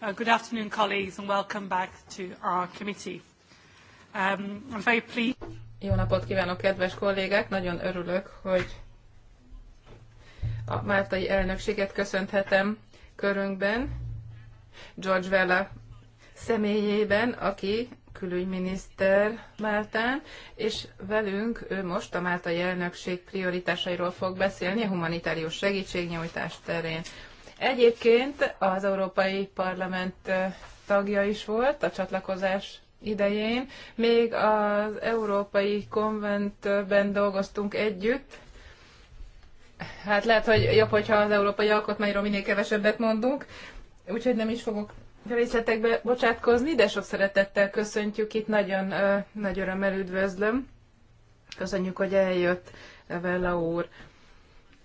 Uh, good afternoon, colleagues, and welcome back to our committee. Um, I'm very pleased. Jó napot kívánok, kedves kollégák! Nagyon örülök, hogy a Máltai elnökséget köszönhetem körünkben, George Vella személyében, aki külügyminiszter Máltán, és velünk ő most a Máltai elnökség prioritásairól fog beszélni a humanitárius segítségnyújtás terén. Egyébként az Európai Parlament tagja is volt a csatlakozás idején. Még az Európai Konventben dolgoztunk együtt. Hát lehet, hogy jobb, hogyha az Európai Alkotmányról minél kevesebbet mondunk, úgyhogy nem is fogok részletekbe bocsátkozni, de sok szeretettel köszöntjük itt, nagyon nagy örömmel üdvözlöm. Köszönjük, hogy eljött Vella úr.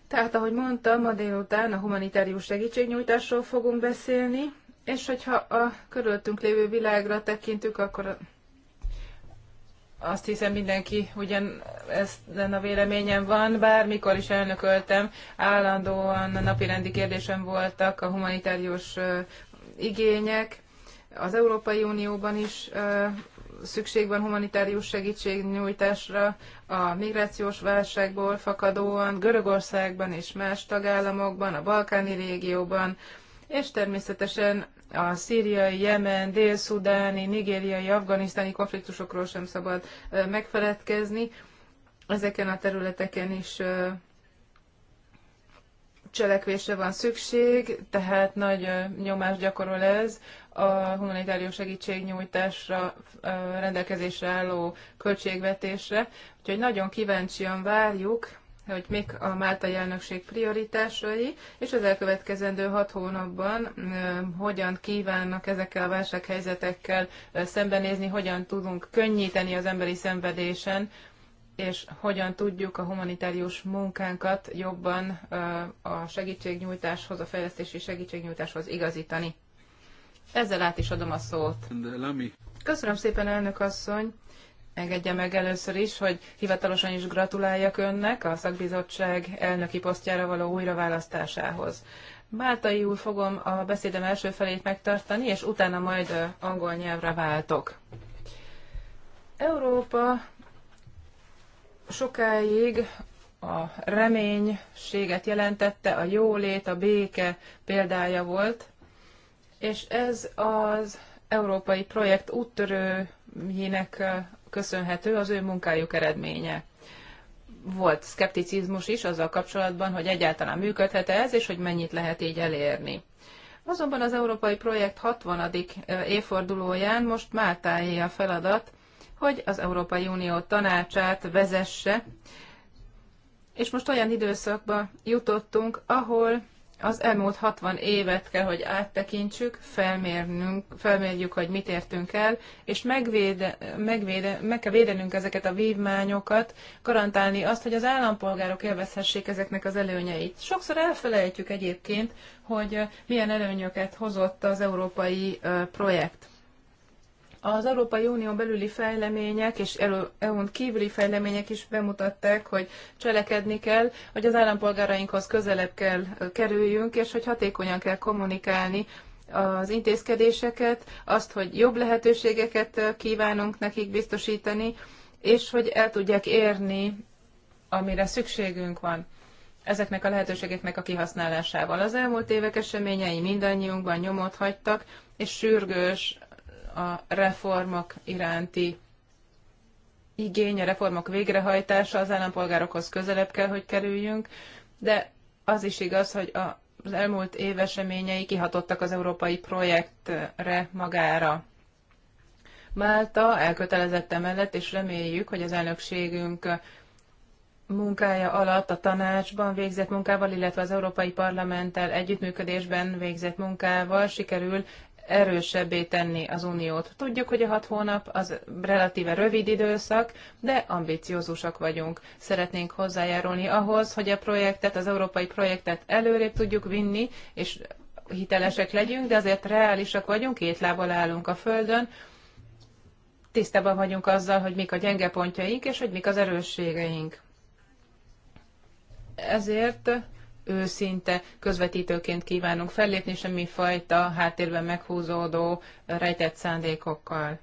Tehát, ahogy mondtam, ma délután a humanitárius segítségnyújtásról fogunk beszélni, és hogyha a körülöttünk lévő világra tekintünk, akkor azt hiszem mindenki ugyan ezen a véleményen van, bármikor is elnököltem, állandóan napirendi kérdésem voltak a humanitárius igények, az Európai Unióban is szükség van humanitárius segítségnyújtásra a migrációs válságból fakadóan Görögországban és más tagállamokban, a balkáni régióban, és természetesen a szíriai, jemen, dél-szudáni, nigériai, afganisztáni konfliktusokról sem szabad megfeledkezni. Ezeken a területeken is cselekvésre van szükség, tehát nagy nyomás gyakorol ez a humanitárius segítségnyújtásra rendelkezésre álló költségvetésre. Úgyhogy nagyon kíváncsian várjuk, hogy mik a Máltai elnökség prioritásai, és az elkövetkezendő hat hónapban hogyan kívánnak ezekkel a válsághelyzetekkel szembenézni, hogyan tudunk könnyíteni az emberi szenvedésen, és hogyan tudjuk a humanitárius munkánkat jobban a segítségnyújtáshoz, a fejlesztési segítségnyújtáshoz igazítani. Ezzel át is adom a szót. Köszönöm szépen, elnök asszony. Engedje meg először is, hogy hivatalosan is gratuláljak önnek a szakbizottság elnöki posztjára való újraválasztásához. Máltai úr fogom a beszédem első felét megtartani, és utána majd angol nyelvre váltok. Európa sokáig a reménységet jelentette, a jólét, a béke példája volt, és ez az európai projekt úttörőjének köszönhető az ő munkájuk eredménye. Volt szkepticizmus is azzal kapcsolatban, hogy egyáltalán működhet -e ez, és hogy mennyit lehet így elérni. Azonban az európai projekt 60. évfordulóján most Máltáé a feladat, hogy az Európai Unió tanácsát vezesse, és most olyan időszakba jutottunk, ahol az elmúlt 60 évet kell, hogy áttekintsük, felmérnünk, felmérjük, hogy mit értünk el, és megvéde, megvéde, meg kell védenünk ezeket a vívmányokat, garantálni azt, hogy az állampolgárok élvezhessék ezeknek az előnyeit. Sokszor elfelejtjük egyébként, hogy milyen előnyöket hozott az európai projekt. Az Európai Unió belüli fejlemények és EU-n kívüli fejlemények is bemutatták, hogy cselekedni kell, hogy az állampolgárainkhoz közelebb kell kerüljünk, és hogy hatékonyan kell kommunikálni az intézkedéseket, azt, hogy jobb lehetőségeket kívánunk nekik biztosítani, és hogy el tudják érni, amire szükségünk van ezeknek a lehetőségeknek a kihasználásával. Az elmúlt évek eseményei mindannyiunkban nyomot hagytak, és sürgős a reformok iránti igény, a reformok végrehajtása az állampolgárokhoz közelebb kell, hogy kerüljünk, de az is igaz, hogy a az elmúlt év eseményei kihatottak az európai projektre magára. Málta elkötelezett emellett, és reméljük, hogy az elnökségünk munkája alatt a tanácsban végzett munkával, illetve az Európai Parlamenttel együttműködésben végzett munkával sikerül erősebbé tenni az uniót. Tudjuk, hogy a hat hónap az relatíve rövid időszak, de ambiciózusak vagyunk. Szeretnénk hozzájárulni ahhoz, hogy a projektet, az európai projektet előrébb tudjuk vinni, és hitelesek legyünk, de azért reálisak vagyunk, két lábbal állunk a földön, tisztában vagyunk azzal, hogy mik a gyenge pontjaink, és hogy mik az erősségeink. Ezért őszinte közvetítőként kívánunk fellépni, semmifajta háttérben meghúzódó rejtett szándékokkal.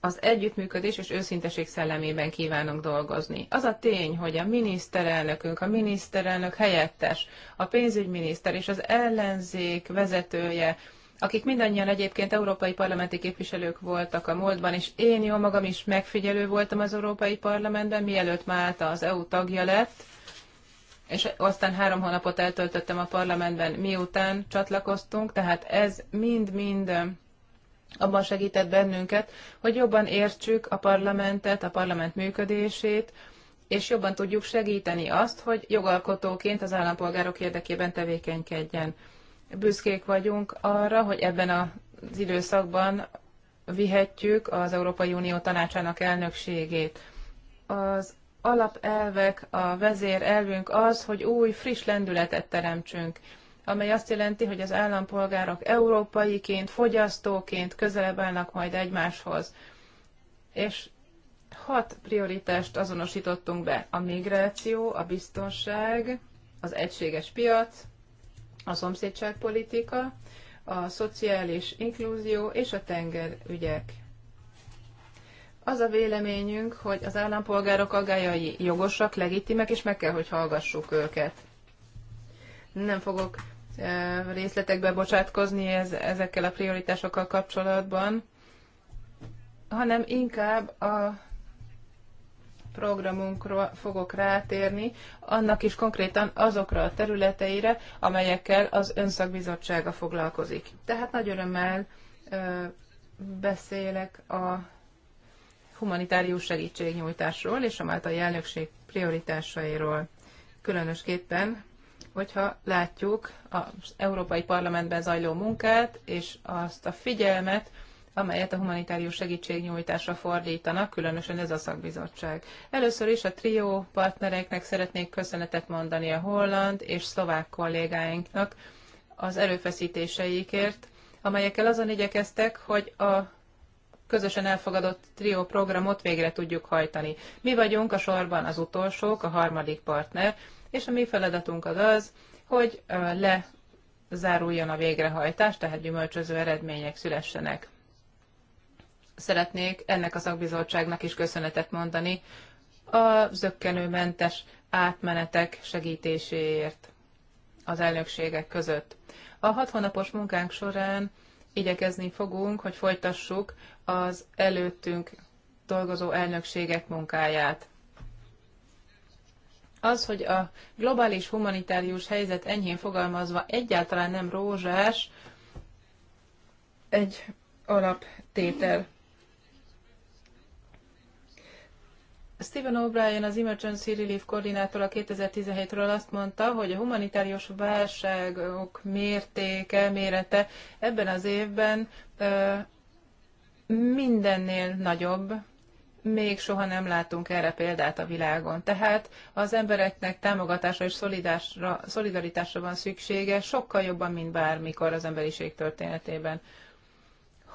Az együttműködés és őszinteség szellemében kívánunk dolgozni. Az a tény, hogy a miniszterelnökünk, a miniszterelnök helyettes, a pénzügyminiszter és az ellenzék vezetője, akik mindannyian egyébként európai parlamenti képviselők voltak a múltban, és én jó magam is megfigyelő voltam az Európai Parlamentben, mielőtt Málta az EU tagja lett, és aztán három hónapot eltöltöttem a parlamentben, miután csatlakoztunk, tehát ez mind-mind abban segített bennünket, hogy jobban értsük a parlamentet, a parlament működését, és jobban tudjuk segíteni azt, hogy jogalkotóként az állampolgárok érdekében tevékenykedjen. Büszkék vagyunk arra, hogy ebben az időszakban vihetjük az Európai Unió tanácsának elnökségét. Az alapelvek, a vezérelvünk az, hogy új, friss lendületet teremtsünk amely azt jelenti, hogy az állampolgárok európaiként, fogyasztóként közelebb állnak majd egymáshoz. És hat prioritást azonosítottunk be. A migráció, a biztonság, az egységes piac, a szomszédságpolitika, a szociális inklúzió és a tengerügyek. Az a véleményünk, hogy az állampolgárok aggájai jogosak, legitimek, és meg kell, hogy hallgassuk őket. Nem fogok e, részletekbe bocsátkozni ez, ezekkel a prioritásokkal kapcsolatban, hanem inkább a programunkra fogok rátérni, annak is konkrétan azokra a területeire, amelyekkel az önszakbizottsága foglalkozik. Tehát nagy örömmel e, beszélek a humanitárius segítségnyújtásról és a máltai elnökség prioritásairól. Különösképpen, hogyha látjuk az Európai Parlamentben zajló munkát és azt a figyelmet, amelyet a humanitárius segítségnyújtásra fordítanak, különösen ez a szakbizottság. Először is a trió partnereknek szeretnék köszönetet mondani a holland és szlovák kollégáinknak az erőfeszítéseikért, amelyekkel azon igyekeztek, hogy a közösen elfogadott trió programot végre tudjuk hajtani. Mi vagyunk a sorban az utolsók, a harmadik partner, és a mi feladatunk az az, hogy le záruljon a végrehajtás, tehát gyümölcsöző eredmények szülessenek. Szeretnék ennek a szakbizottságnak is köszönetet mondani a zöggenőmentes átmenetek segítéséért az elnökségek között. A hat hónapos munkánk során igyekezni fogunk, hogy folytassuk az előttünk dolgozó elnökségek munkáját. Az, hogy a globális humanitárius helyzet enyhén fogalmazva egyáltalán nem rózsás, egy alaptétel. Stephen O'Brien, az Emergency Relief koordinátora 2017-ről azt mondta, hogy a humanitárius válságok mértéke, mérete ebben az évben mindennél nagyobb, még soha nem látunk erre példát a világon. Tehát az embereknek támogatásra és szolidaritásra van szüksége sokkal jobban, mint bármikor az emberiség történetében.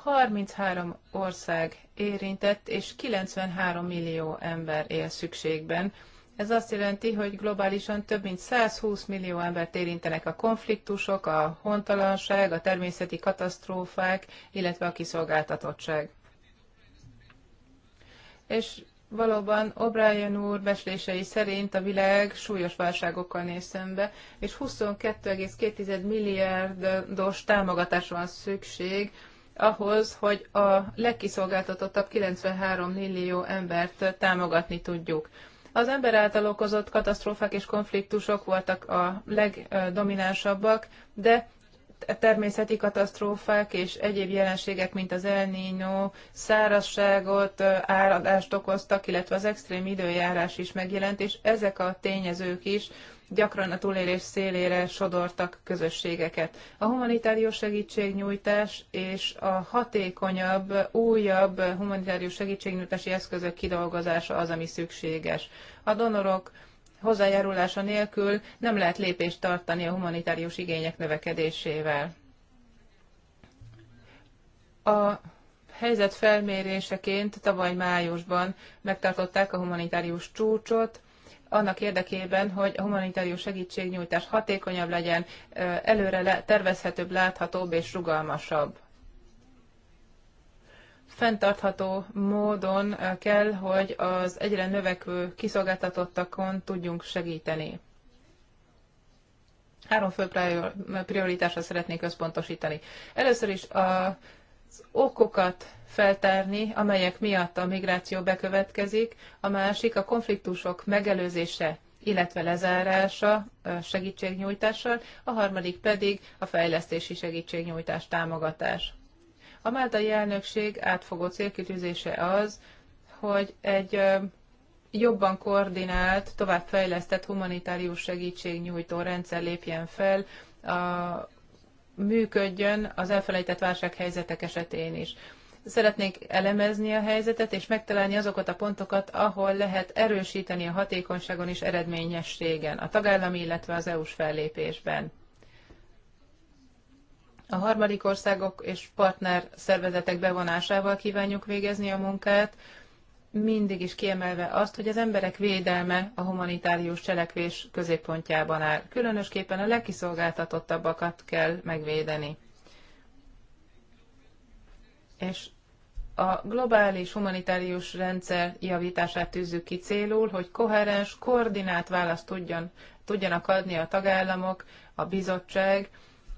33 ország érintett, és 93 millió ember él szükségben. Ez azt jelenti, hogy globálisan több mint 120 millió embert érintenek a konfliktusok, a hontalanság, a természeti katasztrófák, illetve a kiszolgáltatottság. És valóban O'Brien úr beslései szerint a világ súlyos válságokkal néz szembe, és 22,2 milliárdos támogatásra van szükség ahhoz, hogy a legkiszolgáltatottabb 93 millió embert támogatni tudjuk. Az ember által okozott katasztrófák és konfliktusok voltak a legdominánsabbak, de természeti katasztrófák és egyéb jelenségek, mint az El Niño, szárazságot, áradást okoztak, illetve az extrém időjárás is megjelent, és ezek a tényezők is gyakran a túlélés szélére sodortak közösségeket. A humanitárius segítségnyújtás és a hatékonyabb, újabb humanitárius segítségnyújtási eszközök kidolgozása az, ami szükséges. A donorok hozzájárulása nélkül nem lehet lépést tartani a humanitárius igények növekedésével. A helyzet felméréseként tavaly májusban megtartották a humanitárius csúcsot, annak érdekében, hogy a humanitárius segítségnyújtás hatékonyabb legyen, előre tervezhetőbb, láthatóbb és rugalmasabb fenntartható módon kell, hogy az egyre növekvő kiszolgáltatottakon tudjunk segíteni. Három fő prioritásra szeretnék összpontosítani. Először is a okokat feltárni, amelyek miatt a migráció bekövetkezik, a másik a konfliktusok megelőzése, illetve lezárása segítségnyújtással, a harmadik pedig a fejlesztési segítségnyújtás támogatás. A Máltai elnökség átfogó célkitűzése az, hogy egy jobban koordinált, továbbfejlesztett humanitárius segítségnyújtó rendszer lépjen fel a működjön az elfelejtett válsághelyzetek esetén is. Szeretnénk elemezni a helyzetet, és megtalálni azokat a pontokat, ahol lehet erősíteni a hatékonyságon és eredményességen, a tagállami, illetve az EU-s fellépésben. A harmadik országok és partner szervezetek bevonásával kívánjuk végezni a munkát, mindig is kiemelve azt, hogy az emberek védelme a humanitárius cselekvés középpontjában áll. Különösképpen a legkiszolgáltatottabbakat kell megvédeni. És a globális humanitárius rendszer javítását tűzzük ki célul, hogy koherens, koordinált választ tudjon, tudjanak adni a tagállamok, a bizottság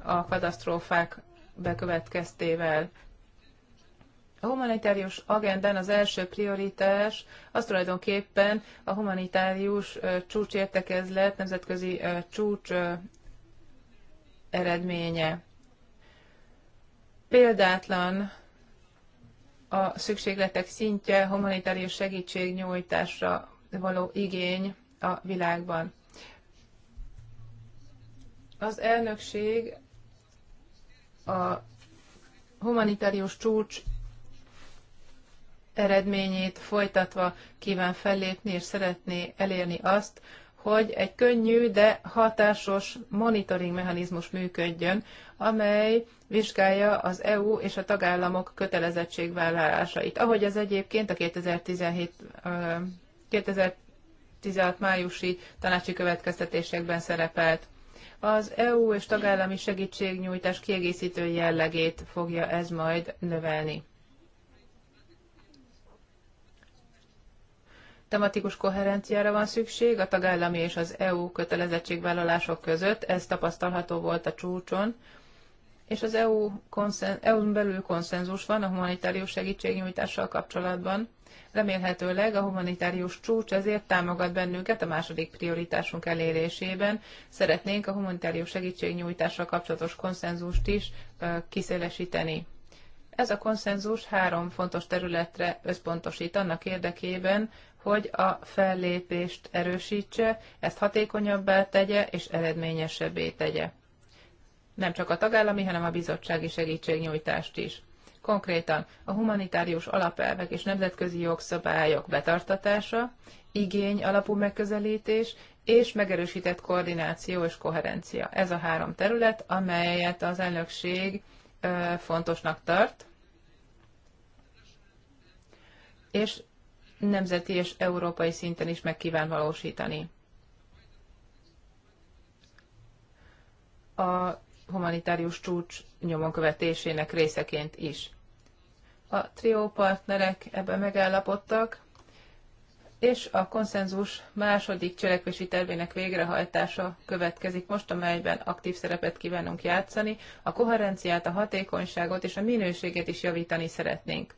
a katasztrófák bekövetkeztével a humanitárius agendán az első prioritás az tulajdonképpen a humanitárius csúcsértekezlet, nemzetközi csúcs eredménye. Példátlan a szükségletek szintje, humanitárius segítségnyújtásra való igény a világban. Az elnökség a humanitárius csúcs eredményét folytatva kíván fellépni, és szeretné elérni azt, hogy egy könnyű, de hatásos monitoring mechanizmus működjön, amely vizsgálja az EU és a tagállamok kötelezettségvállalásait. Ahogy ez egyébként a 2017, 2016 májusi tanácsi következtetésekben szerepelt. Az EU és tagállami segítségnyújtás kiegészítő jellegét fogja ez majd növelni. Tematikus koherenciára van szükség a tagállami és az EU kötelezettségvállalások között, ez tapasztalható volt a csúcson, és az EU konszen, EU-n belül konszenzus van a humanitárius segítségnyújtással kapcsolatban. Remélhetőleg a humanitárius csúcs ezért támogat bennünket a második prioritásunk elérésében. Szeretnénk a humanitárius segítségnyújtással kapcsolatos konszenzust is kiszélesíteni. Ez a konszenzus három fontos területre összpontosít annak érdekében, hogy a fellépést erősítse, ezt hatékonyabbá tegye és eredményesebbé tegye. Nem csak a tagállami, hanem a bizottsági segítségnyújtást is. Konkrétan a humanitárius alapelvek és nemzetközi jogszabályok betartatása, igény alapú megközelítés és megerősített koordináció és koherencia. Ez a három terület, amelyet az elnökség fontosnak tart, és nemzeti és európai szinten is meg kíván valósítani. A humanitárius csúcs nyomon követésének részeként is. A trió partnerek ebben megállapodtak, és a konszenzus második cselekvési tervének végrehajtása következik most, amelyben aktív szerepet kívánunk játszani. A koherenciát, a hatékonyságot és a minőséget is javítani szeretnénk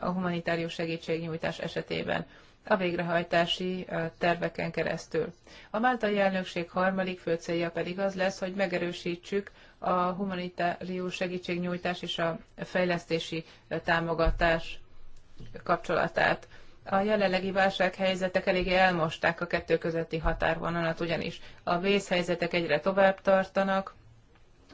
a humanitárius segítségnyújtás esetében a végrehajtási terveken keresztül. A Máltai elnökség harmadik fő célja pedig az lesz, hogy megerősítsük a humanitárius segítségnyújtás és a fejlesztési támogatás kapcsolatát. A jelenlegi válsághelyzetek eléggé elmosták a kettő közötti határvonalat, ugyanis a vészhelyzetek egyre tovább tartanak,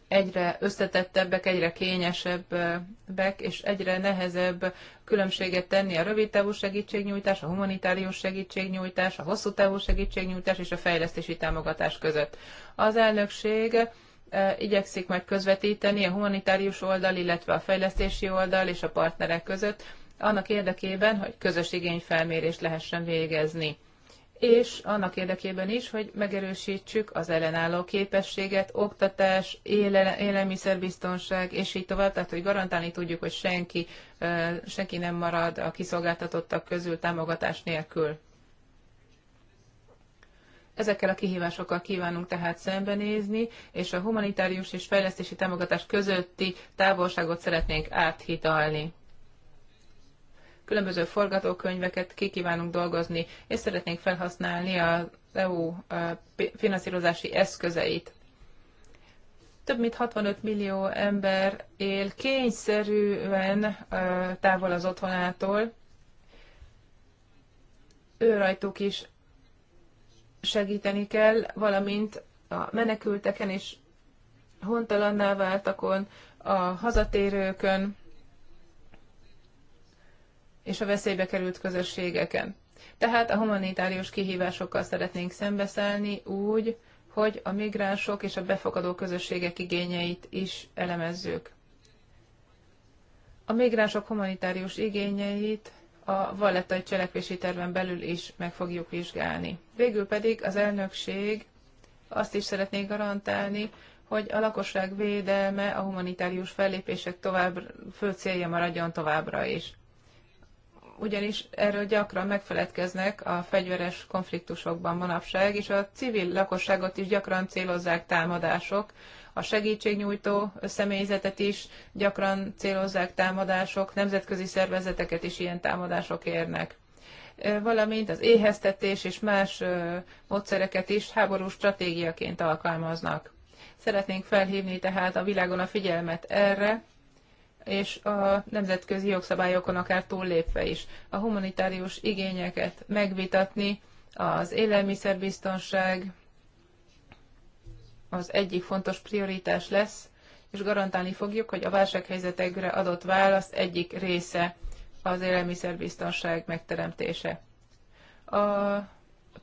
egyre összetettebbek, egyre kényesebbek, és egyre nehezebb különbséget tenni a rövid távú segítségnyújtás, a humanitárius segítségnyújtás, a hosszú távú segítségnyújtás és a fejlesztési támogatás között. Az elnökség eh, igyekszik majd közvetíteni a humanitárius oldal, illetve a fejlesztési oldal és a partnerek között, annak érdekében, hogy közös igényfelmérést lehessen végezni és annak érdekében is, hogy megerősítsük az ellenálló képességet, oktatás, éle, élelmiszerbiztonság, és így tovább, tehát hogy garantálni tudjuk, hogy senki, senki nem marad a kiszolgáltatottak közül támogatás nélkül. Ezekkel a kihívásokkal kívánunk tehát szembenézni, és a humanitárius és fejlesztési támogatás közötti távolságot szeretnénk áthidalni különböző forgatókönyveket ki kívánunk dolgozni, és szeretnénk felhasználni az EU finanszírozási eszközeit. Több mint 65 millió ember él kényszerűen távol az otthonától. Ő rajtuk is segíteni kell, valamint a menekülteken és hontalanná váltakon, a hazatérőkön, és a veszélybe került közösségeken. Tehát a humanitárius kihívásokkal szeretnénk szembeszállni úgy, hogy a migránsok és a befogadó közösségek igényeit is elemezzük. A migránsok humanitárius igényeit a vallettai cselekvési terven belül is meg fogjuk vizsgálni. Végül pedig az elnökség azt is szeretné garantálni, hogy a lakosság védelme a humanitárius fellépések tovább fő célja maradjon továbbra is ugyanis erről gyakran megfeledkeznek a fegyveres konfliktusokban manapság, és a civil lakosságot is gyakran célozzák támadások, a segítségnyújtó személyzetet is gyakran célozzák támadások, nemzetközi szervezeteket is ilyen támadások érnek valamint az éheztetés és más módszereket is háborús stratégiaként alkalmaznak. Szeretnénk felhívni tehát a világon a figyelmet erre, és a nemzetközi jogszabályokon akár túllépve is. A humanitárius igényeket megvitatni, az élelmiszerbiztonság az egyik fontos prioritás lesz, és garantálni fogjuk, hogy a válsághelyzetekre adott válasz egyik része az élelmiszerbiztonság megteremtése. A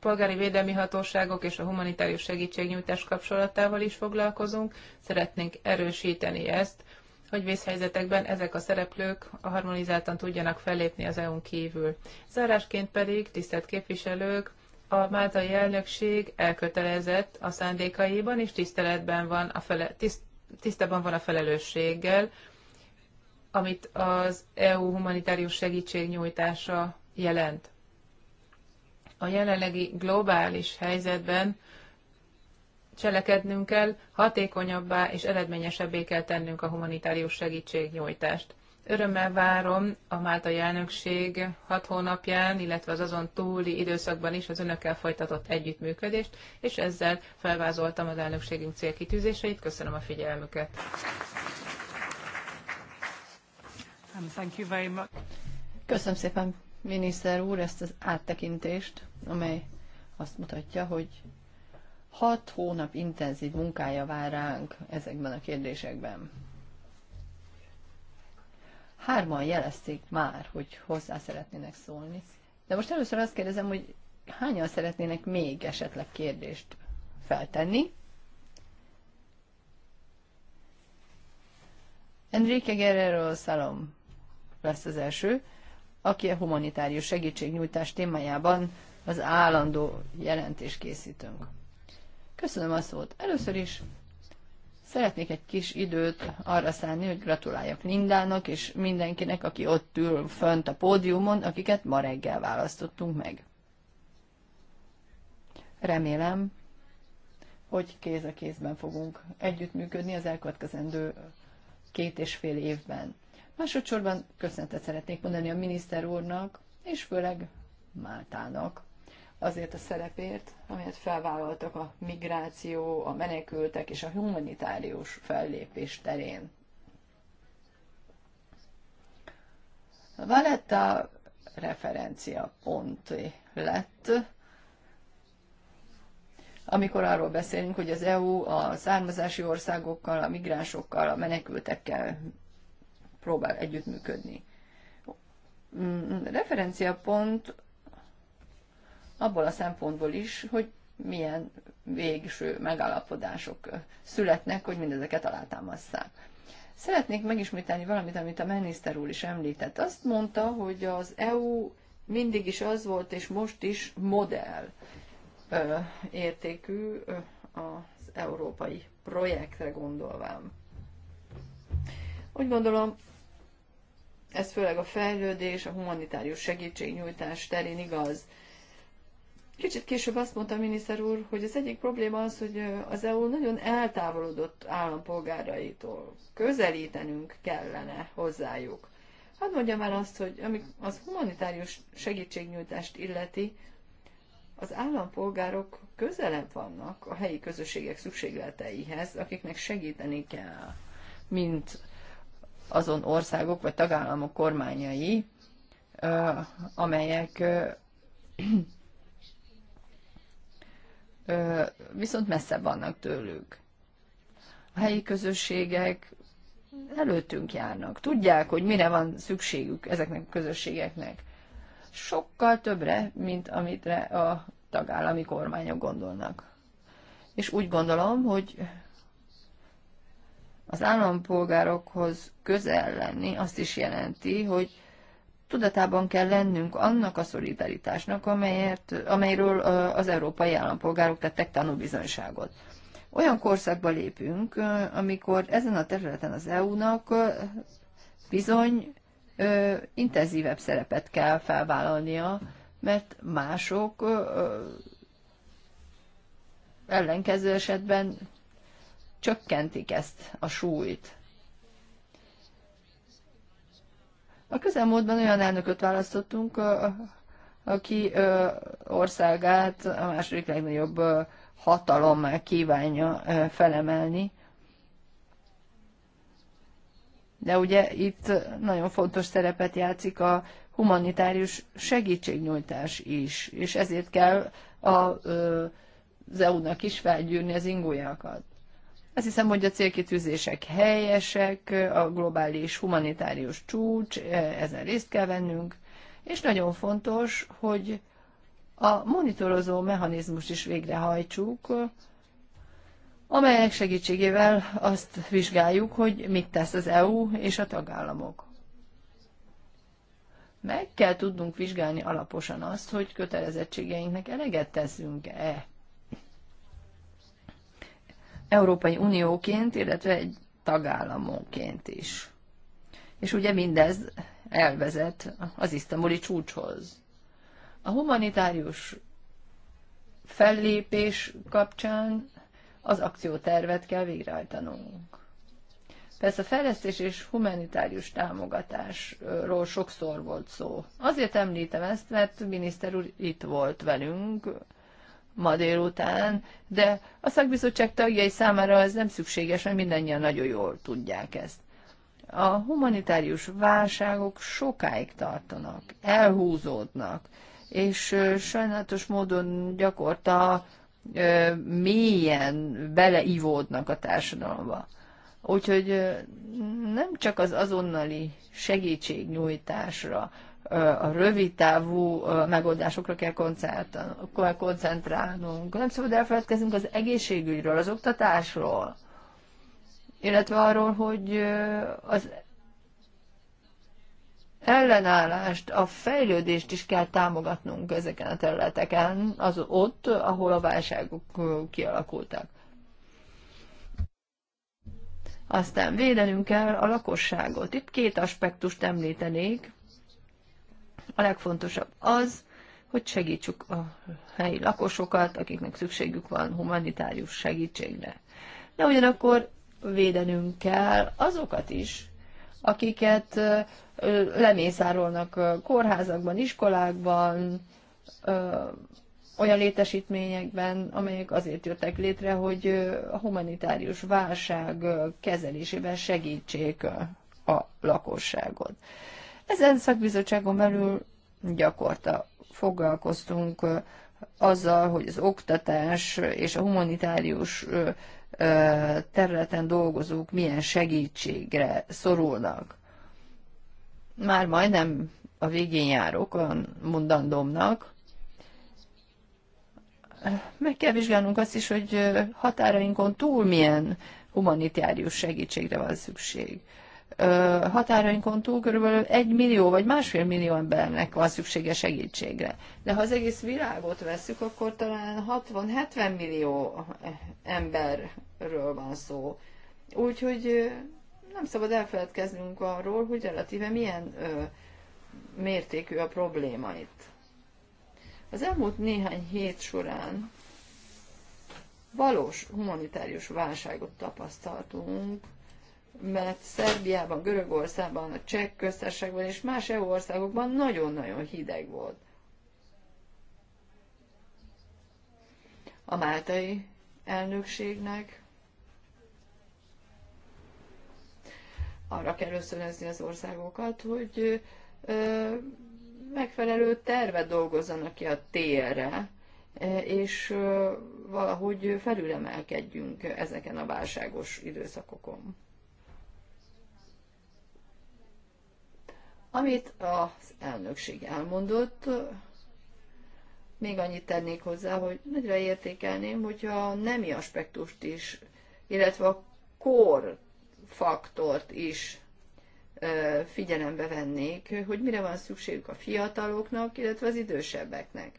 polgári védelmi hatóságok és a humanitárius segítségnyújtás kapcsolatával is foglalkozunk, szeretnénk erősíteni ezt, hogy vészhelyzetekben ezek a szereplők a harmonizáltan tudjanak fellépni az EU-n kívül. Zárásként pedig, tisztelt képviselők, a máltai elnökség elkötelezett a szándékaiban, és tiszteletben van a fele, tiszt, tisztában van a felelősséggel, amit az EU humanitárius segítségnyújtása jelent. A jelenlegi globális helyzetben cselekednünk kell, hatékonyabbá és eredményesebbé kell tennünk a humanitárius segítségnyújtást. Örömmel várom a Máltai elnökség hat hónapján, illetve az azon túli időszakban is az önökkel folytatott együttműködést, és ezzel felvázoltam az elnökségünk célkitűzéseit. Köszönöm a figyelmüket. Um, Köszönöm szépen, miniszter úr, ezt az áttekintést, amely azt mutatja, hogy hat hónap intenzív munkája vár ránk ezekben a kérdésekben. Hárman jelezték már, hogy hozzá szeretnének szólni. De most először azt kérdezem, hogy hányan szeretnének még esetleg kérdést feltenni? Enrique Guerrero Salom lesz az első, aki a humanitárius segítségnyújtás témájában az állandó jelentés készítünk. Köszönöm a szót. Először is szeretnék egy kis időt arra szállni, hogy gratuláljak Lindának és mindenkinek, aki ott ül fönt a pódiumon, akiket ma reggel választottunk meg. Remélem, hogy kéz a kézben fogunk együttműködni az elkövetkezendő két és fél évben. Másodszorban köszönetet szeretnék mondani a miniszter úrnak, és főleg Máltának azért a szerepért, amelyet felvállaltak a migráció, a menekültek és a humanitárius fellépés terén. Valetta referencia pont lett, amikor arról beszélünk, hogy az EU a származási országokkal, a migránsokkal, a menekültekkel próbál együttműködni. Mm, mm, Referenciapont abból a szempontból is, hogy milyen végső megállapodások születnek, hogy mindezeket alátámasszák. Szeretnék megismételni valamit, amit a miniszter úr is említett. Azt mondta, hogy az EU mindig is az volt, és most is modell ö, értékű ö, az európai projektre gondolvám. Úgy gondolom, ez főleg a fejlődés, a humanitárius segítségnyújtás terén igaz. Kicsit később azt mondta a miniszter úr, hogy az egyik probléma az, hogy az EU nagyon eltávolodott állampolgáraitól. Közelítenünk kellene hozzájuk. Hadd mondja már azt, hogy ami az humanitárius segítségnyújtást illeti, az állampolgárok közelebb vannak a helyi közösségek szükségleteihez, akiknek segíteni kell, mint azon országok vagy tagállamok kormányai, amelyek viszont messze vannak tőlük. A helyi közösségek előttünk járnak. Tudják, hogy mire van szükségük ezeknek a közösségeknek. Sokkal többre, mint amit a tagállami kormányok gondolnak. És úgy gondolom, hogy az állampolgárokhoz közel lenni azt is jelenti, hogy Tudatában kell lennünk annak a szolidaritásnak, amelyet, amelyről az európai állampolgárok tettek tanúbizonyságot. Olyan korszakba lépünk, amikor ezen a területen az EU-nak bizony ö, intenzívebb szerepet kell felvállalnia, mert mások ö, ellenkező esetben csökkentik ezt a súlyt. A közelmúltban olyan elnököt választottunk, aki országát a második legnagyobb hatalom kívánja felemelni. De ugye itt nagyon fontos szerepet játszik a humanitárius segítségnyújtás is, és ezért kell a, az EU-nak is felgyűrni az ingójákat. Azt hiszem, hogy a célkitűzések helyesek, a globális humanitárius csúcs, e, ezen részt kell vennünk, és nagyon fontos, hogy a monitorozó mechanizmus is végrehajtsuk, amelyek segítségével azt vizsgáljuk, hogy mit tesz az EU és a tagállamok. Meg kell tudnunk vizsgálni alaposan azt, hogy kötelezettségeinknek eleget teszünk-e. Európai Unióként, illetve egy tagállamonként is. És ugye mindez elvezet az isztambuli csúcshoz. A humanitárius fellépés kapcsán az akciótervet kell végrehajtanunk. Persze a fejlesztés és humanitárius támogatásról sokszor volt szó. Azért említem ezt, mert miniszter úr itt volt velünk ma délután, de a szakbizottság tagjai számára ez nem szükséges, mert mindannyian nagyon jól tudják ezt. A humanitárius válságok sokáig tartanak, elhúzódnak, és sajnálatos módon gyakorta mélyen beleivódnak a társadalomba. Úgyhogy nem csak az azonnali segítségnyújtásra, a rövidtávú megoldásokra kell koncentrálnunk. Nem szabad elfeledkezünk az egészségügyről, az oktatásról, illetve arról, hogy az ellenállást, a fejlődést is kell támogatnunk ezeken a területeken, az ott, ahol a válságok kialakultak. Aztán védenünk kell a lakosságot. Itt két aspektust említenék a legfontosabb az, hogy segítsük a helyi lakosokat, akiknek szükségük van humanitárius segítségre. De ugyanakkor védenünk kell azokat is, akiket lemészárolnak kórházakban, iskolákban, olyan létesítményekben, amelyek azért jöttek létre, hogy a humanitárius válság kezelésében segítsék a lakosságot. Ezen szakbizottságon belül gyakorta foglalkoztunk azzal, hogy az oktatás és a humanitárius területen dolgozók milyen segítségre szorulnak. Már majdnem a végén járok a mondandómnak. Meg kell vizsgálnunk azt is, hogy határainkon túl milyen humanitárius segítségre van szükség határainkon túl körülbelül egy millió vagy másfél millió embernek van szüksége segítségre. De ha az egész világot veszük, akkor talán 60-70 millió emberről van szó. Úgyhogy nem szabad elfeledkeznünk arról, hogy relatíve milyen ö, mértékű a probléma itt. Az elmúlt néhány hét során valós humanitárius válságot tapasztaltunk, mert Szerbiában, Görögországban, a Cseh köztársaságban és más EU országokban nagyon-nagyon hideg volt. A máltai elnökségnek arra kell összönözni az országokat, hogy ö, megfelelő tervet dolgozzanak ki a térre, és valahogy felülemelkedjünk ezeken a válságos időszakokon. Amit az elnökség elmondott, még annyit tennék hozzá, hogy nagyra értékelném, hogyha a nemi aspektust is, illetve a kor faktort is figyelembe vennék, hogy mire van szükségük a fiataloknak, illetve az idősebbeknek.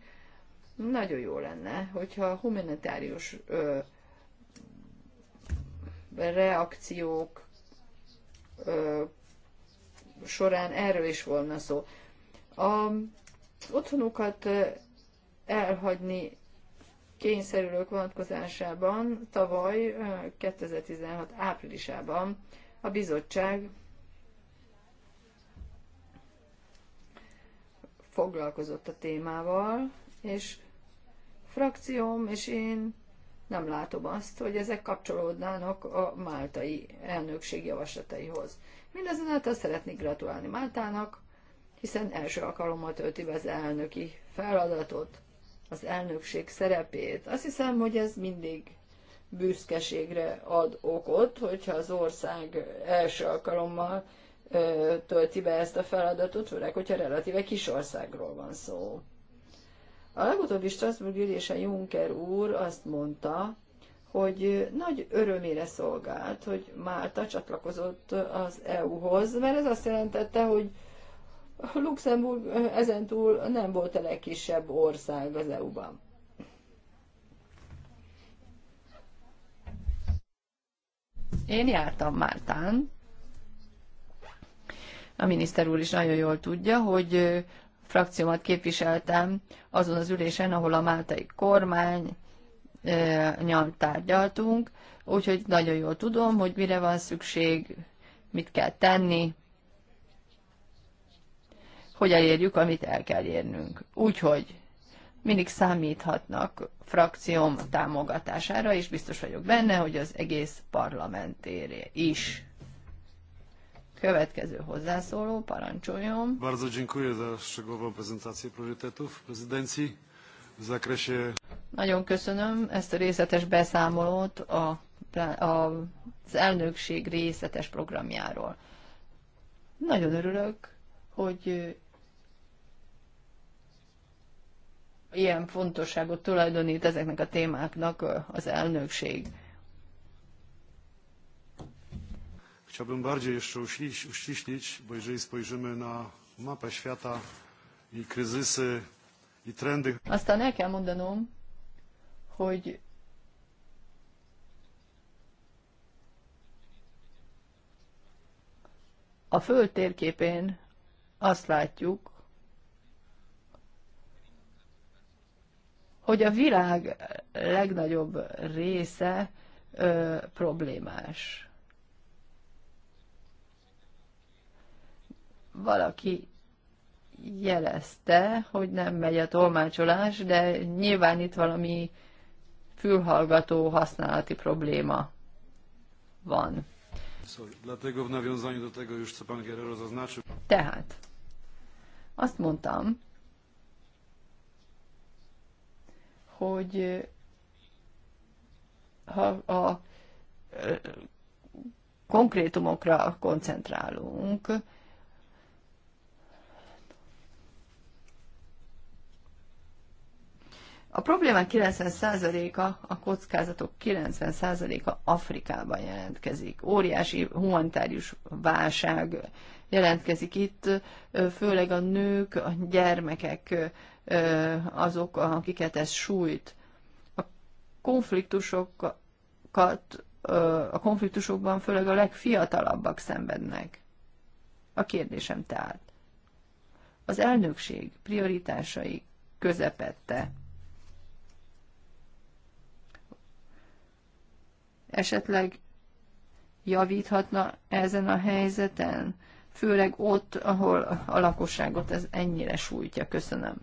Nagyon jó lenne, hogyha humanitárius ö, reakciók ö, során erről is volna szó. A otthonukat elhagyni kényszerülők vonatkozásában tavaly 2016 áprilisában a bizottság foglalkozott a témával, és frakcióm és én nem látom azt, hogy ezek kapcsolódnának a máltai elnökség javaslataihoz. Mindezonáltal szeretnék gratulálni Máltának, hiszen első alkalommal tölti be az elnöki feladatot, az elnökség szerepét. Azt hiszem, hogy ez mindig büszkeségre ad okot, hogyha az ország első alkalommal ö, tölti be ezt a feladatot, főleg, hogyha relatíve kis országról van szó. A legutóbbi Strasbourg ülésen Juncker úr azt mondta, hogy nagy örömére szolgált, hogy Málta csatlakozott az EU-hoz, mert ez azt jelentette, hogy Luxemburg ezentúl nem volt a legkisebb ország az EU-ban. Én jártam Máltán. A miniszter úr is nagyon jól tudja, hogy frakciómat képviseltem azon az ülésen, ahol a máltai kormány nyom tárgyaltunk, úgyhogy nagyon jól tudom, hogy mire van szükség, mit kell tenni, hogy elérjük, amit el kell érnünk. Úgyhogy mindig számíthatnak frakcióm támogatására, és biztos vagyok benne, hogy az egész parlamentére is. Következő hozzászóló, parancsoljon. Bardzo dziękuję za szczegółową prezentację priorytetów prezydencji. Nagyon köszönöm ezt a részletes beszámolót a, a, az elnökség részletes programjáról. Nagyon örülök, hogy ilyen fontosságot tulajdonít ezeknek a témáknak az elnökség. Chciałbym bardziej jeszcze uściślić, bo jeżeli spojrzymy na mapę świata i kryzysy aztán el kell mondanom, hogy a Föld térképén azt látjuk, hogy a világ legnagyobb része ö, problémás. Valaki jelezte, hogy nem megy a tolmácsolás, de nyilván itt valami fülhallgató használati probléma van. Tehát, azt mondtam, hogy ha a konkrétumokra koncentrálunk, A problémák 90%-a, a kockázatok 90%-a Afrikában jelentkezik. Óriási humanitárius válság jelentkezik itt, főleg a nők, a gyermekek azok, akiket ez sújt. A konfliktusokat, a konfliktusokban főleg a legfiatalabbak szenvednek. A kérdésem tehát. Az elnökség prioritásai közepette esetleg javíthatna ezen a helyzeten, főleg ott, ahol a lakosságot ez ennyire sújtja. Köszönöm.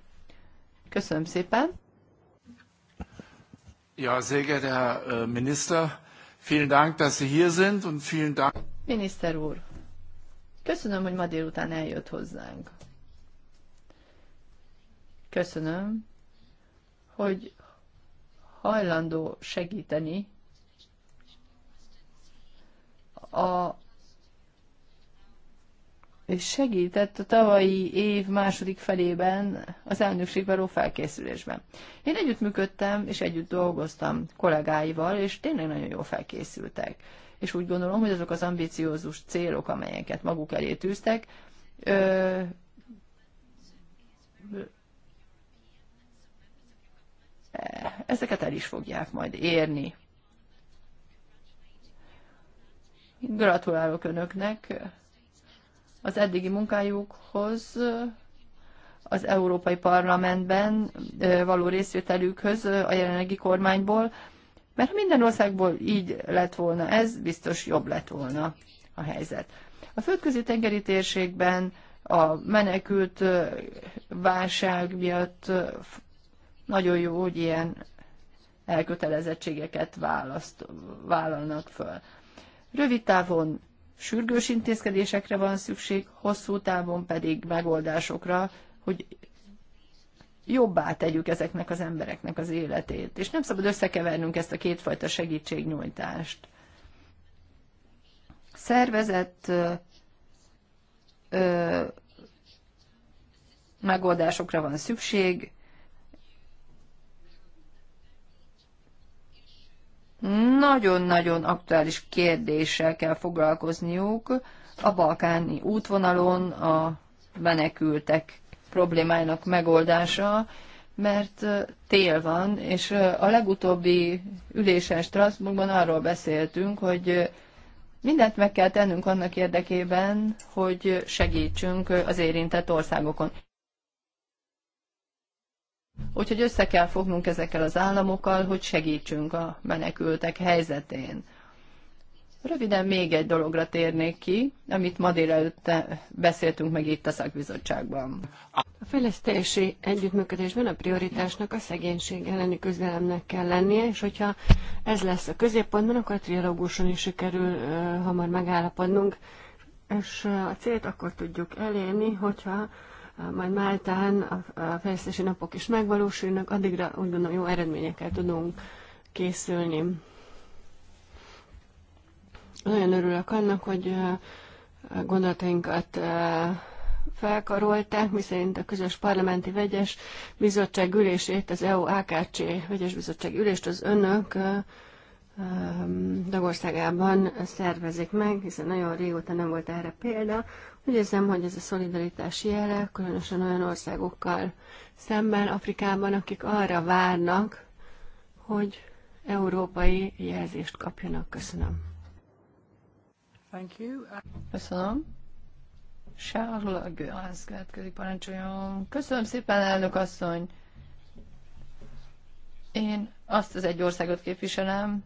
Köszönöm szépen. Ja, sehr Herr äh, Minister, vielen Dank, dass Sie hier sind und vielen Dank. Miniszter úr, köszönöm, hogy ma délután eljött hozzánk. Köszönöm, hogy hajlandó segíteni a és segített a tavalyi év második felében az elnökség való felkészülésben. Én együttműködtem, és együtt dolgoztam kollégáival, és tényleg nagyon jól felkészültek. És úgy gondolom, hogy azok az ambiciózus célok, amelyeket maguk elé tűztek, ö, ezeket el is fogják majd érni. Gratulálok Önöknek az eddigi munkájukhoz, az Európai Parlamentben való részvételükhöz a jelenlegi kormányból, mert ha minden országból így lett volna ez, biztos jobb lett volna a helyzet. A földközi tengeri térségben a menekült válság miatt nagyon jó, hogy ilyen elkötelezettségeket választ, vállalnak föl. Rövid távon sürgős intézkedésekre van szükség, hosszú távon pedig megoldásokra, hogy jobbá tegyük ezeknek az embereknek az életét. És nem szabad összekevernünk ezt a kétfajta segítségnyújtást. Szervezett ö, ö, megoldásokra van szükség, nagyon-nagyon aktuális kérdéssel kell foglalkozniuk a balkáni útvonalon a menekültek problémáinak megoldása, mert tél van, és a legutóbbi ülésen Strasbourgban arról beszéltünk, hogy mindent meg kell tennünk annak érdekében, hogy segítsünk az érintett országokon. Úgyhogy össze kell fognunk ezekkel az államokkal, hogy segítsünk a menekültek helyzetén. Röviden még egy dologra térnék ki, amit ma délelőtt beszéltünk meg itt a szakbizottságban. A fejlesztési együttműködésben a prioritásnak a szegénység elleni küzdelemnek kell lennie, és hogyha ez lesz a középpontban, akkor a trialóguson is sikerül uh, hamar megállapodnunk, és a célt akkor tudjuk elérni, hogyha majd Máltán a fejlesztési napok is megvalósulnak, addigra úgy gondolom jó eredményekkel tudunk készülni. Nagyon örülök annak, hogy gondolatainkat felkarolták, miszerint a közös parlamenti vegyes bizottság ülését, az EU-AKC vegyes bizottság ülést az önök Dagországában szervezik meg, hiszen nagyon régóta nem volt erre példa. Úgy érzem, hogy ez a szolidaritás jele, különösen olyan országokkal szemben Afrikában, akik arra várnak, hogy európai jelzést kapjanak. Köszönöm. Thank you. Köszönöm. Charles parancsoljon. Köszönöm szépen, elnök asszony. Én azt az egy országot képviselem,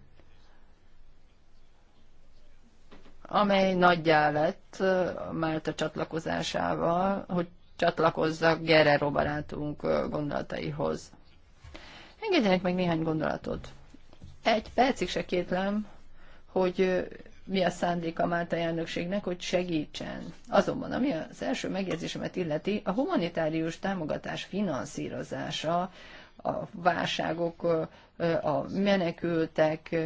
amely nagyjá lett Málta csatlakozásával, hogy csatlakozzak Guerrero barátunk gondolataihoz. Engedjenek meg néhány gondolatot. Egy percig se kétlem, hogy mi a szándéka Málta elnökségnek, hogy segítsen. Azonban, ami az első megjegyzésemet illeti, a humanitárius támogatás finanszírozása, a válságok, a menekültek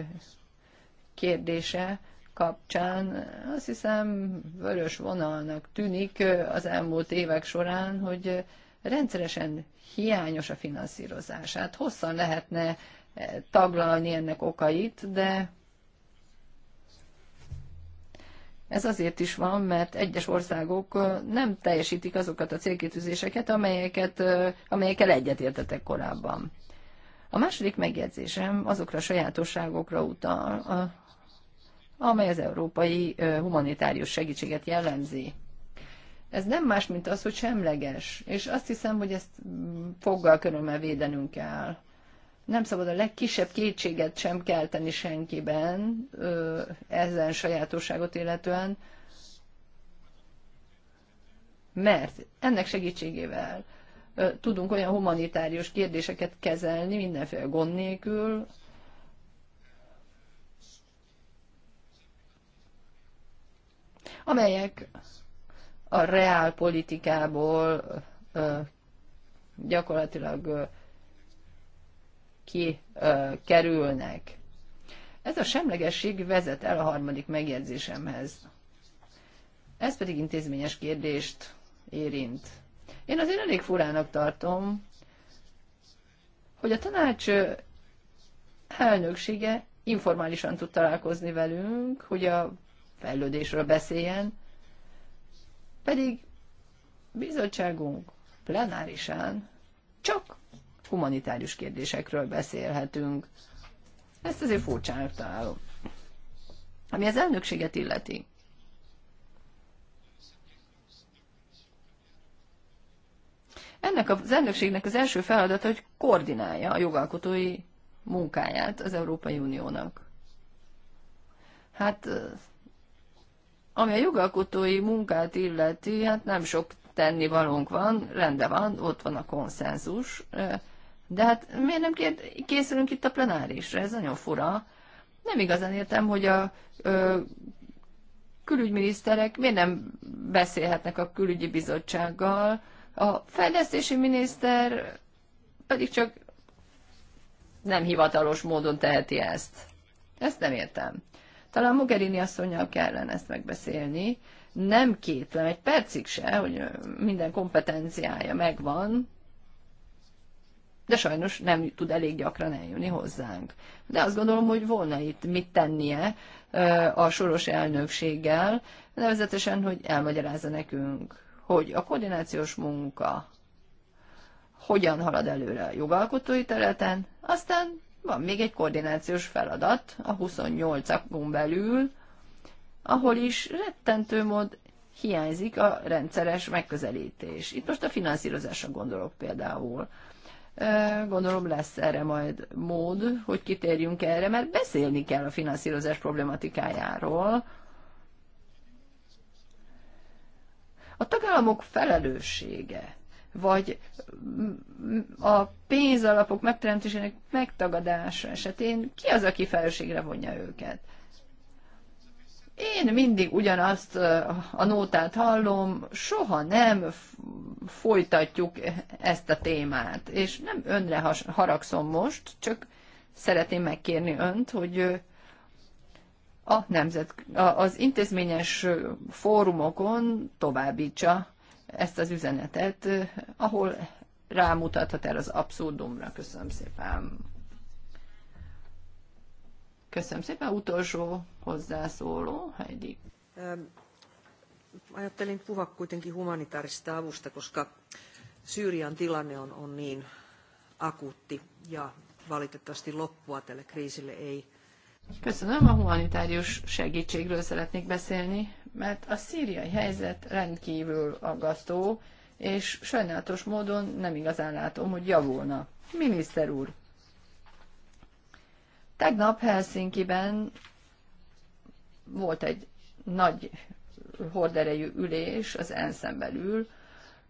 kérdése, kapcsán azt hiszem vörös vonalnak tűnik az elmúlt évek során, hogy rendszeresen hiányos a finanszírozás. Hát hosszan lehetne eh, taglalni ennek okait, de ez azért is van, mert egyes országok eh, nem teljesítik azokat a célkitűzéseket, amelyeket, eh, amelyekkel egyetértetek korábban. A második megjegyzésem azokra a sajátosságokra utal, amely az európai humanitárius segítséget jellemzi. Ez nem más, mint az, hogy semleges, és azt hiszem, hogy ezt mm, foggal körülmel védenünk kell. Nem szabad a legkisebb kétséget sem kelteni senkiben ezen sajátosságot illetően, mert ennek segítségével tudunk olyan humanitárius kérdéseket kezelni mindenféle gond nélkül, amelyek a reál politikából gyakorlatilag kikerülnek. Ez a semlegesség vezet el a harmadik megjegyzésemhez. Ez pedig intézményes kérdést érint. Én azért elég furának tartom, hogy a tanács elnöksége informálisan tud találkozni velünk, hogy a fejlődésről beszéljen, pedig bizottságunk plenárisán csak humanitárius kérdésekről beszélhetünk. Ezt azért furcsának találom. Ami az elnökséget illeti. Ennek az elnökségnek az első feladata, hogy koordinálja a jogalkotói munkáját az Európai Uniónak. Hát ami a jogalkotói munkát illeti, hát nem sok tennivalónk van, rendben van, ott van a konszenzus, de hát miért nem készülünk itt a plenárisra? Ez nagyon fura. Nem igazán értem, hogy a ö, külügyminiszterek miért nem beszélhetnek a külügyi bizottsággal, a fejlesztési miniszter pedig csak nem hivatalos módon teheti ezt. Ezt nem értem. Talán Mogherini asszonynal kellene ezt megbeszélni. Nem kétlem egy percig se, hogy minden kompetenciája megvan, de sajnos nem tud elég gyakran eljönni hozzánk. De azt gondolom, hogy volna itt mit tennie a soros elnökséggel, nevezetesen, hogy elmagyarázza nekünk, hogy a koordinációs munka hogyan halad előre a jogalkotói területen, aztán van még egy koordinációs feladat a 28-akon belül, ahol is rettentő mód hiányzik a rendszeres megközelítés. Itt most a finanszírozásra gondolok például. Gondolom lesz erre majd mód, hogy kitérjünk erre, mert beszélni kell a finanszírozás problematikájáról. A tagállamok felelőssége vagy a pénzalapok megteremtésének megtagadása esetén ki az, aki felelősségre vonja őket? Én mindig ugyanazt a nótát hallom, soha nem folytatjuk ezt a témát, és nem önre haragszom most, csak szeretném megkérni önt, hogy a nemzet, az intézményes fórumokon továbbítsa ezt az üzenetet, eh, ahol rámutathat el az abszurdumra. Köszönöm szépen. Köszönöm szépen. Utolsó hozzászóló, Heidi. Ajattelin puhua kuitenkin humanitaarista avusta, koska Syyrian tilanne on, on niin akuutti ja valitettavasti loppua tälle kriisille ei. Köszönöm, a humanitárius segítségről szeretnék beszélni mert a szíriai helyzet rendkívül aggasztó, és sajnálatos módon nem igazán látom, hogy javulna. Miniszter úr, tegnap Helsinki-ben volt egy nagy horderejű ülés az ensz belül,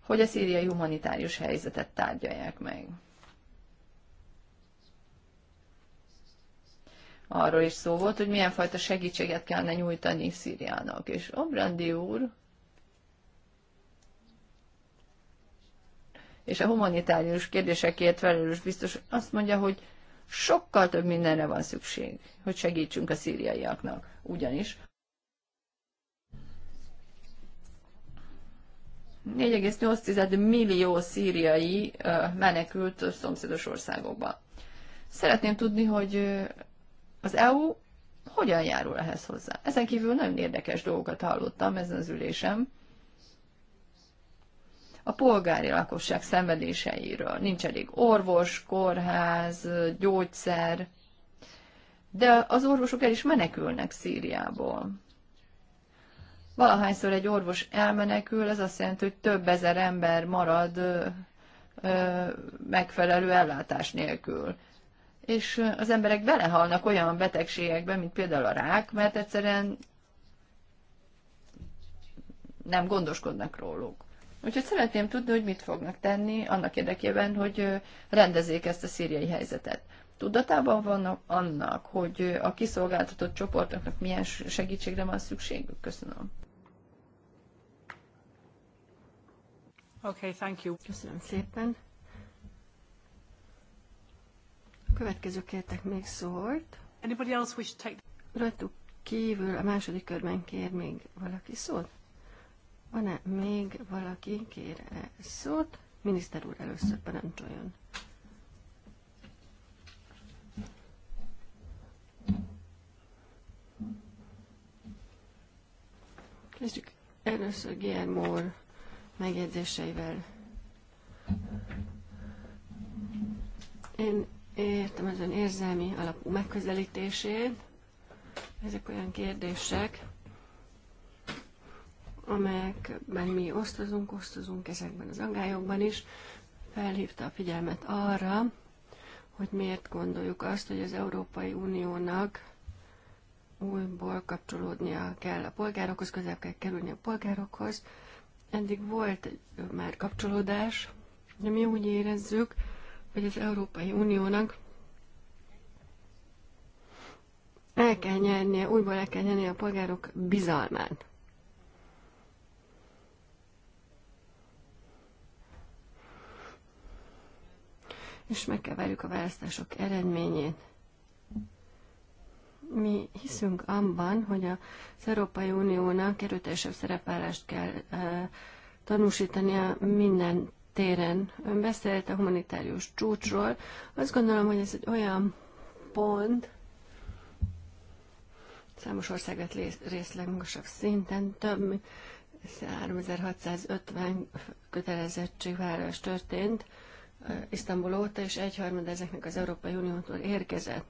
hogy a szíriai humanitárius helyzetet tárgyalják meg. arról is szó volt, hogy milyen fajta segítséget kellene nyújtani Szíriának. És Obrandi úr és a humanitárius kérdésekért felelős biztos azt mondja, hogy sokkal több mindenre van szükség, hogy segítsünk a szíriaiaknak. Ugyanis 4,8 millió szíriai menekült szomszédos országokba. Szeretném tudni, hogy az EU hogyan járul ehhez hozzá? Ezen kívül nagyon érdekes dolgokat hallottam ezen az ülésem. A polgári lakosság szenvedéseiről. Nincs elég orvos, kórház, gyógyszer, de az orvosok el is menekülnek Szíriából. Valahányszor egy orvos elmenekül, ez azt jelenti, hogy több ezer ember marad ö, ö, megfelelő ellátás nélkül és az emberek belehalnak olyan betegségekbe, mint például a rák, mert egyszerűen nem gondoskodnak róluk. Úgyhogy szeretném tudni, hogy mit fognak tenni annak érdekében, hogy rendezzék ezt a szíriai helyzetet. Tudatában vannak annak, hogy a kiszolgáltatott csoportoknak milyen segítségre van szükségük? Köszönöm. Okay, thank you. Köszönöm szépen. Következő kértek még szólt. Anybody else wish to take... Rajtuk kívül a második körben kér még valaki szót? Van-e még valaki kér -e szót? Miniszter úr először parancsoljon. Kezdjük először Guillermo megjegyzéseivel. Én Értem az ön érzelmi alapú megközelítését. Ezek olyan kérdések, amelyekben mi osztozunk, osztozunk ezekben az angályokban is. Felhívta a figyelmet arra, hogy miért gondoljuk azt, hogy az Európai Uniónak újból kapcsolódnia kell a polgárokhoz, közel kell kerülni a polgárokhoz. Eddig volt már kapcsolódás, de mi úgy érezzük, hogy az Európai Uniónak el kell nyernie, újból el kell nyernie a polgárok bizalmát. És meg kell várjuk a választások eredményét. Mi hiszünk abban, hogy az Európai Uniónak erőteljesebb szerepállást kell uh, tanúsítania minden téren. Ön beszélt a humanitárius csúcsról. Azt gondolom, hogy ez egy olyan pont, számos ország lett részt legmagasabb szinten, több mint 3650 kötelezettségvállalás történt Isztambul óta, és egyharmad ezeknek az Európai Uniótól érkezett.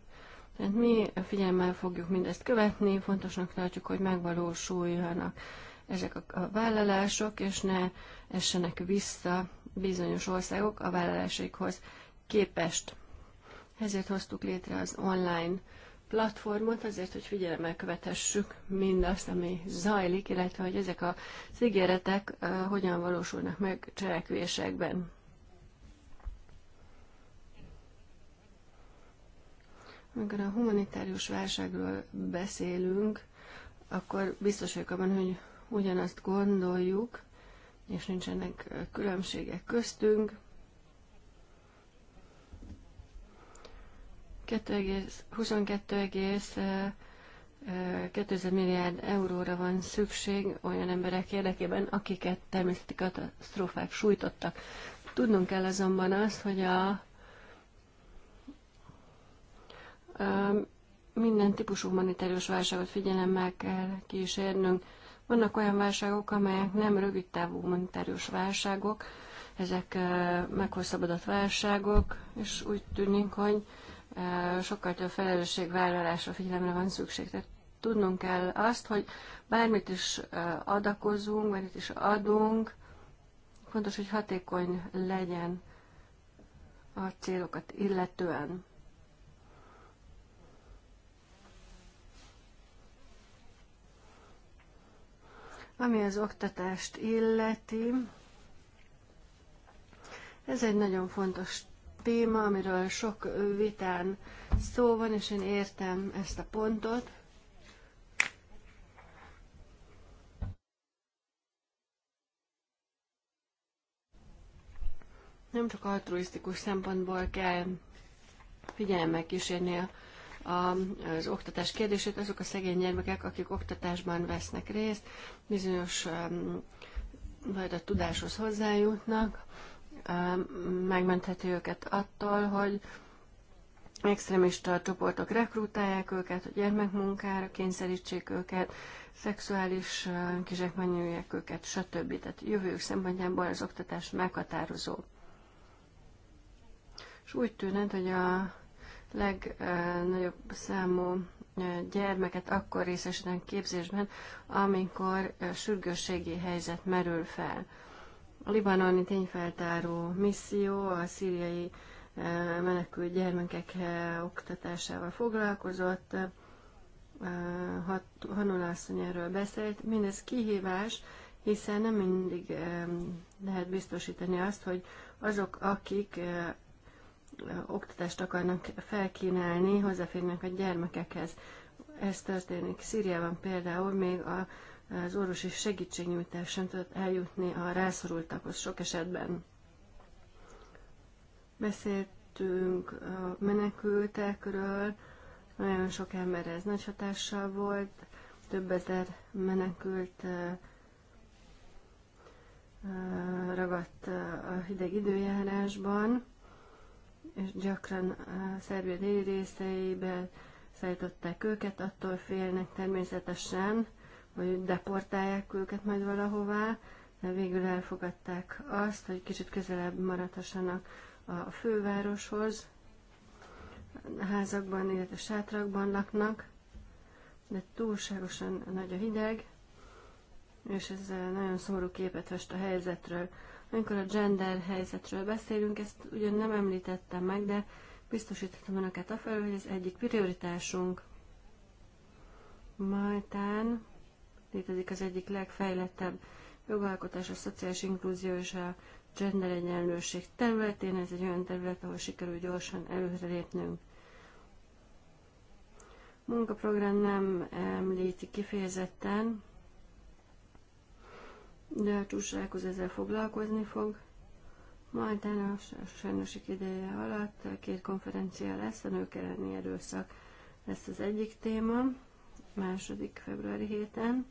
Tehát mi figyelemmel fogjuk mindezt követni, fontosnak tartjuk, hogy megvalósuljanak ezek a vállalások, és ne essenek vissza bizonyos országok a vállalásaikhoz képest. Ezért hoztuk létre az online platformot, azért, hogy figyelemmel követhessük mindazt, ami zajlik, illetve hogy ezek a ígéretek hogyan valósulnak meg cselekvésekben. Amikor a humanitárius válságról beszélünk, akkor biztos vagyok abban, hogy ugyanazt gondoljuk, és nincsenek különbségek köztünk. 22,2 milliárd euróra van szükség olyan emberek érdekében, akiket természeti katasztrófák sújtottak. Tudnunk kell azonban azt, hogy a, minden típusú humanitárius válságot figyelemmel kell kísérnünk. Vannak olyan válságok, amelyek nem rövid távú monetárius válságok, ezek meghosszabbodott válságok, és úgy tűnik, hogy sokkal több felelősségvállalásra figyelemre van szükség. Tehát tudnunk kell azt, hogy bármit is adakozunk, bármit is adunk, fontos, hogy hatékony legyen a célokat illetően. Ami az oktatást illeti, ez egy nagyon fontos téma, amiről sok vitán szó van, és én értem ezt a pontot. Nem csak altruisztikus szempontból kell figyelemmel kísérni a az oktatás kérdését, azok a szegény gyermekek, akik oktatásban vesznek részt, bizonyos majd a tudáshoz hozzájutnak, megmentheti őket attól, hogy extremista csoportok rekrutálják őket, hogy gyermekmunkára kényszerítsék őket, szexuális kizsákmányolják őket, stb. Tehát jövőjük szempontjából az oktatás meghatározó. És úgy tűnt, hogy a legnagyobb számú gyermeket akkor részesítenek képzésben, amikor sürgősségi helyzet merül fel. A libanoni tényfeltáró misszió a szíriai menekült gyermekek oktatásával foglalkozott, Hanula asszony erről beszélt. Mindez kihívás, hiszen nem mindig lehet biztosítani azt, hogy azok, akik oktatást akarnak felkínálni, hozzáférnek a gyermekekhez. Ez történik Szíriában például, még a, az orvosi segítségnyújtás sem tudott eljutni a rászorultakhoz sok esetben. Beszéltünk a menekültekről, nagyon sok ember ez nagy hatással volt, több ezer menekült ragadt a hideg időjárásban és gyakran a Szerbia déli részeibe szállították őket, attól félnek természetesen, hogy deportálják őket majd valahová, de végül elfogadták azt, hogy kicsit közelebb maradhassanak a fővároshoz, a házakban, illetve sátrakban laknak, de túlságosan nagy a hideg, és ez eh, nagyon szomorú képet fest a helyzetről. Amikor a gender helyzetről beszélünk, ezt ugyan nem említettem meg, de biztosítottam önöket a felül, hogy ez egyik prioritásunk. Maltán létezik az egyik legfejlettebb jogalkotás, a szociális inkluzió és a gender egyenlőség területén. Ez egy olyan terület, ahol sikerül gyorsan előrelépnünk. A munkaprogram nem említi kifejezetten de a csúcsrákhoz ezzel foglalkozni fog. Majd a sajnosik ideje alatt két konferencia lesz, a nők elleni erőszak lesz az egyik téma, második februári héten,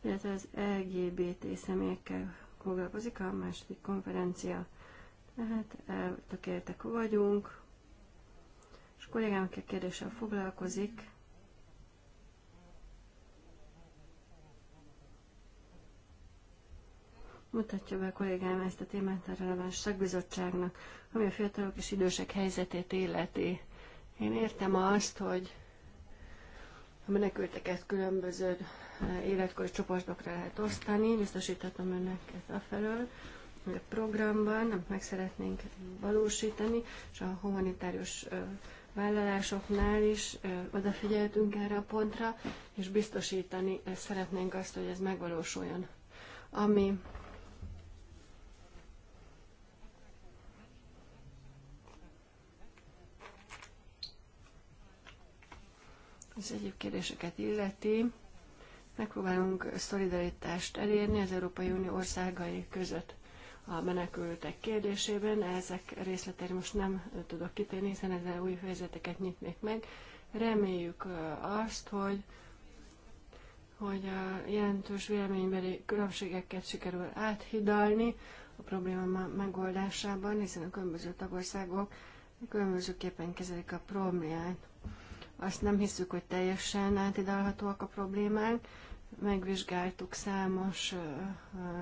illetve az LGBT személyekkel foglalkozik a második konferencia. Tehát eltökéltek vagyunk, és kollégám, aki a kérdéssel foglalkozik, mutatja be a kollégám ezt a témát a releváns szakbizottságnak, ami a fiatalok és idősek helyzetét életi. Én értem azt, hogy a menekülteket különböző eh, életkori csoportokra lehet osztani, biztosíthatom önöket afelől, hogy a programban, nem meg szeretnénk valósítani, és a humanitárius eh, vállalásoknál is eh, odafigyeltünk erre a pontra, és biztosítani szeretnénk azt, hogy ez megvalósuljon. Ami az egyéb kérdéseket illeti, megpróbálunk szolidaritást elérni az Európai Unió országai között a menekültek kérdésében. Ezek részleteire most nem tudok kitérni, hiszen ezzel új fejezeteket nyitnék meg. Reméljük azt, hogy hogy a jelentős véleménybeli különbségeket sikerül áthidalni a probléma megoldásában, hiszen a különböző tagországok különbözőképpen kezelik a problémát. Azt nem hiszük, hogy teljesen átidalhatóak a problémák. Megvizsgáltuk számos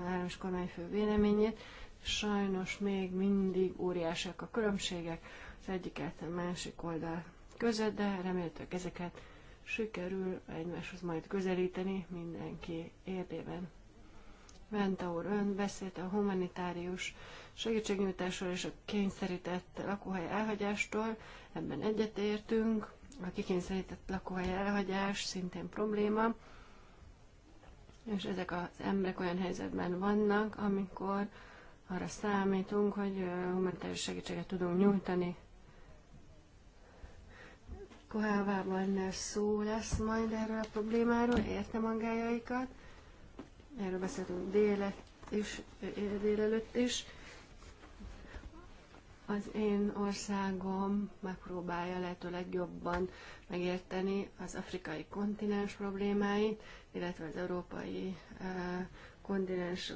államos kormányfő véleményét. Sajnos még mindig óriásak a különbségek az egyiket a másik oldal között, de remélhetőleg ezeket sikerül egymáshoz majd közelíteni mindenki érdében. Venta úr, ön beszélt a humanitárius segítségnyújtásról és a kényszerített lakóhely elhagyástól, ebben egyetértünk a kikényszerített lakóhely elhagyás szintén probléma, és ezek az emberek olyan helyzetben vannak, amikor arra számítunk, hogy humanitárius segítséget tudunk nyújtani. Kohávában szó lesz majd erről a problémáról, értem magájaikat. Erről beszéltünk délet is, délelőtt is. Az én országom megpróbálja lehetőleg jobban megérteni az afrikai kontinens problémáit, illetve az európai kontinens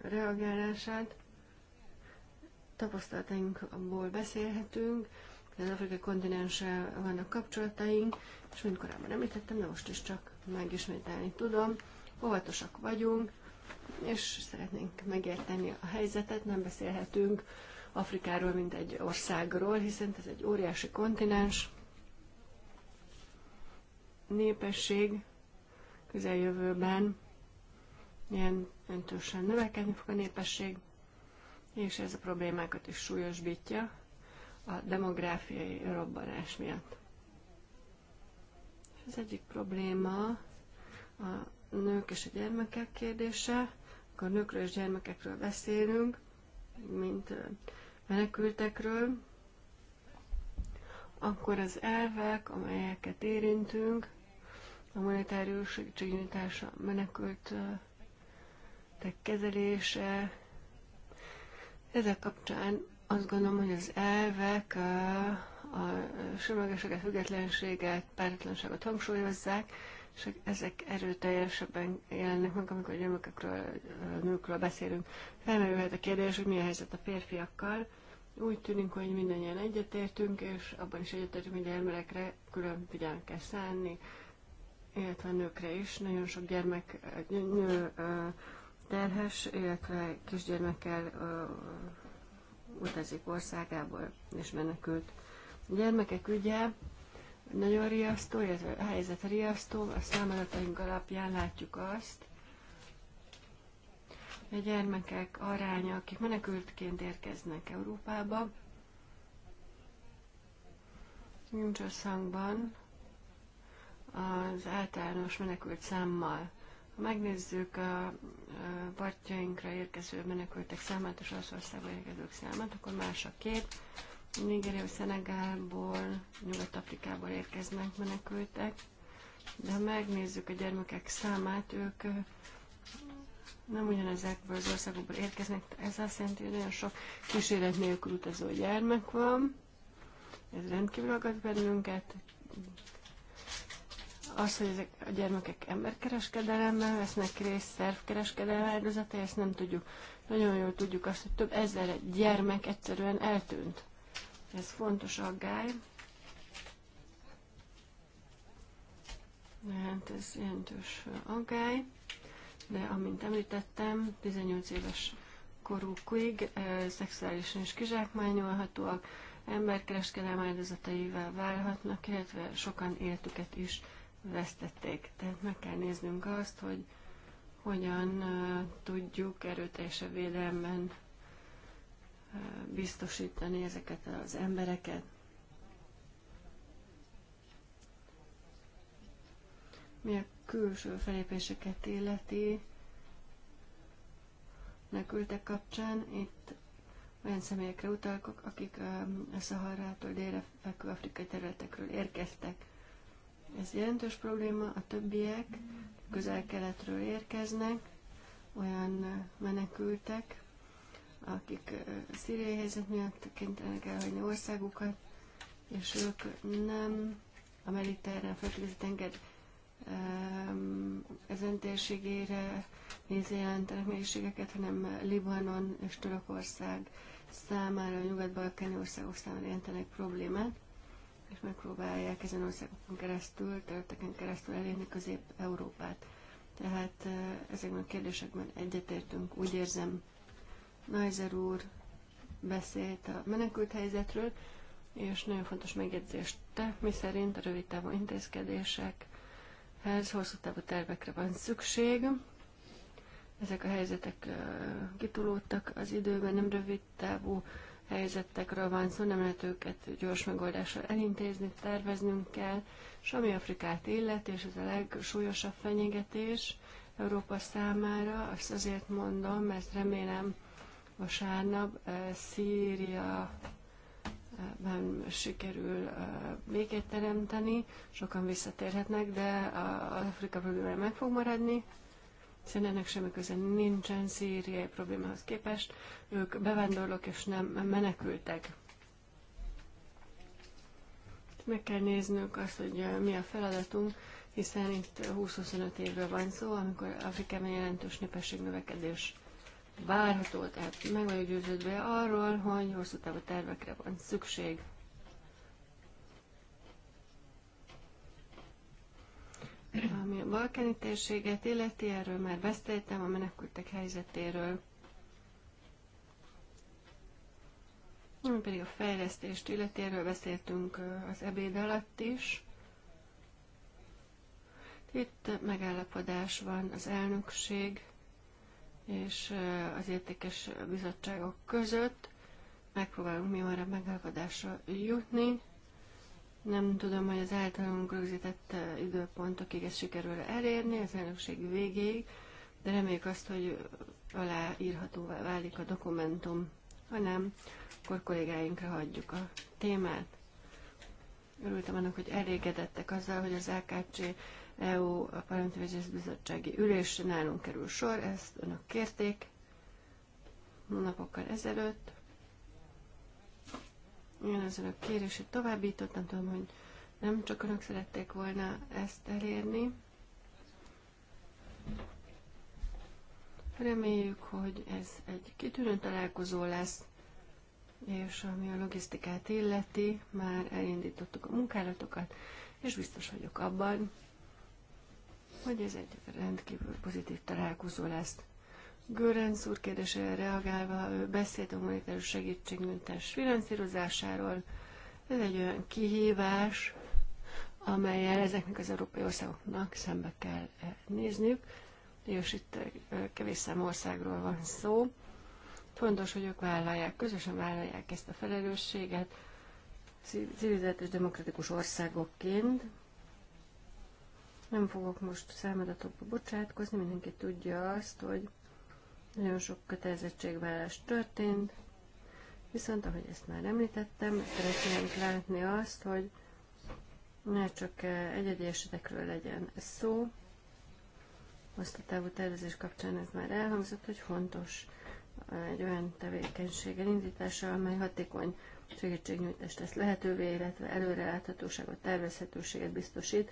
reagálását. Tapasztalatainkból beszélhetünk, az afrikai kontinenssel vannak kapcsolataink, és mint korábban említettem, de most is csak megismételni tudom, óvatosak vagyunk, és szeretnénk megérteni a helyzetet, nem beszélhetünk Afrikáról, mint egy országról, hiszen ez egy óriási kontinens, népesség közeljövőben ilyen öntősen növekedni fog a népesség, és ez a problémákat is súlyosbítja a demográfiai robbanás miatt. És az egyik probléma a nők és a gyermekek kérdése. akkor nőkről és gyermekekről beszélünk, mint menekültekről, akkor az elvek, amelyeket érintünk, a monetárius segítségnyújtása, menekült kezelése, ezek kapcsán azt gondolom, hogy az elvek a semlegességet, függetlenséget, páratlanságot hangsúlyozzák, és ezek erőteljesebben jelennek meg, amikor gyermekekről, nőkről beszélünk. Felmerülhet a kérdés, hogy mi a helyzet a férfiakkal, úgy tűnik, hogy mindannyian egyetértünk, és abban is egyetértünk, hogy gyermekekre külön figyelmet kell szállni, illetve nőkre is. Nagyon sok gyermek nő terhes, illetve kisgyermekkel utazik országából, és menekült. A gyermekek ügye nagyon riasztó, illetve a helyzet riasztó, a számadataink alapján látjuk azt, a gyermekek aránya, akik menekültként érkeznek Európába, nincs összhangban az általános menekült számmal. Ha megnézzük a partjainkra érkező menekültek számát és az országban érkezők számát, akkor más a kép. Nigeria, Szenegálból, Nyugat-Afrikából érkeznek menekültek, de ha megnézzük a gyermekek számát, ők nem ugyanezekből az országokból érkeznek, ez azt jelenti, hogy nagyon sok kísérlet nélkül utazó gyermek van, ez rendkívül aggat bennünket. Az, hogy ezek a gyermekek emberkereskedelemmel vesznek részt, szervkereskedelem áldozata, ezt nem tudjuk. Nagyon jól tudjuk azt, hogy több ezer gyermek egyszerűen eltűnt. Ez fontos aggály. Hát ez jelentős aggály de amint említettem, 18 éves korukig eh, szexuálisan is kizsákmányolhatóak, emberkereskedelem áldozataival válhatnak, illetve sokan életüket is vesztették. Tehát meg kell néznünk azt, hogy hogyan eh, tudjuk erőteljesebb védelemben eh, biztosítani ezeket az embereket. Mi a külső felépéseket illeti, menekültek kapcsán, itt olyan személyekre utalkok, akik um, a Szaharától délre fekvő afrikai területekről érkeztek. Ez jelentős probléma, a többiek közel-keletről érkeznek, olyan menekültek, akik uh, szíriai helyzet miatt kénytelenek elhagyni országukat, és ők nem a mediterrán földközi tenger az ehm, öntérségére nézi jelentenek mélységeket, hanem Libanon és Törökország számára, a nyugat-balkáni országok számára jelentenek problémát, és megpróbálják ezen országokon keresztül, területeken keresztül elérni Közép-Európát. Tehát eh, ezekben a kérdésekben egyetértünk, úgy érzem. Najzer úr beszélt a menekült helyzetről, és nagyon fontos megjegyzést te, mi szerint a rövid távú intézkedések ez hosszú távú tervekre van szükség. Ezek a helyzetek kitulódtak az időben, nem rövid távú helyzetekről van szó, nem lehet őket gyors megoldással elintézni, terveznünk kell, és ami Afrikát illet, és ez a legsúlyosabb fenyegetés Európa számára, azt azért mondom, mert remélem vasárnap Szíria ben sikerül békét teremteni, sokan visszatérhetnek, de az Afrika problémája meg fog maradni, hiszen ennek semmi köze nincsen szíriai problémához képest. Ők bevándorlók és nem menekültek. Meg kell néznünk azt, hogy mi a feladatunk, hiszen itt 20-25 évről van szó, amikor Afrikában jelentős népesség növekedés várható, tehát meg vagyok győződve arról, hogy hosszú távú tervekre van szükség. Ami a balkáni térséget illeti, erről már beszéltem, a menekültek helyzetéről. Ami pedig a fejlesztést illeti, erről beszéltünk az ebéd alatt is. Itt megállapodás van az elnökség és az értékes bizottságok között megpróbálunk mi arra megállapodásra jutni. Nem tudom, hogy az általunk rögzített időpontokig ezt sikerül elérni, az elnökség végéig, de reméljük azt, hogy aláírhatóvá válik a dokumentum. Ha nem, akkor kollégáinkra hagyjuk a témát. Örültem annak, hogy elégedettek azzal, hogy az AKC EU a Parlamenti Bizottsági ülésre nálunk kerül sor, ezt önök kérték hónapokkal ezelőtt. Én az önök kérését továbbítottam, tudom, hogy nem csak önök szerették volna ezt elérni. Reméljük, hogy ez egy kitűnő találkozó lesz, és ami a logisztikát illeti, már elindítottuk a munkálatokat, és biztos vagyok abban, hogy ez egy rendkívül pozitív találkozó lesz. Görenc úr kérdésére reagálva, ő beszélt a humanitárius segítségnyújtás finanszírozásáról. Ez egy olyan kihívás, amelyel ezeknek az európai országoknak szembe kell eh, nézniük, és itt eh, kevés szám országról van szó. Fontos, hogy ők vállalják, közösen vállalják ezt a felelősséget, civilizált és demokratikus országokként, nem fogok most számadatokba bocsátkozni, mindenki tudja azt, hogy nagyon sok kötelezettségvállás történt, viszont ahogy ezt már említettem, szeretnénk látni azt, hogy ne csak egyedi esetekről legyen szó, a távú tervezés kapcsán ez már elhangzott, hogy fontos egy olyan tevékenység elindítása, amely hatékony segítségnyújtást tesz lehetővé, illetve előreláthatóságot, tervezhetőséget biztosít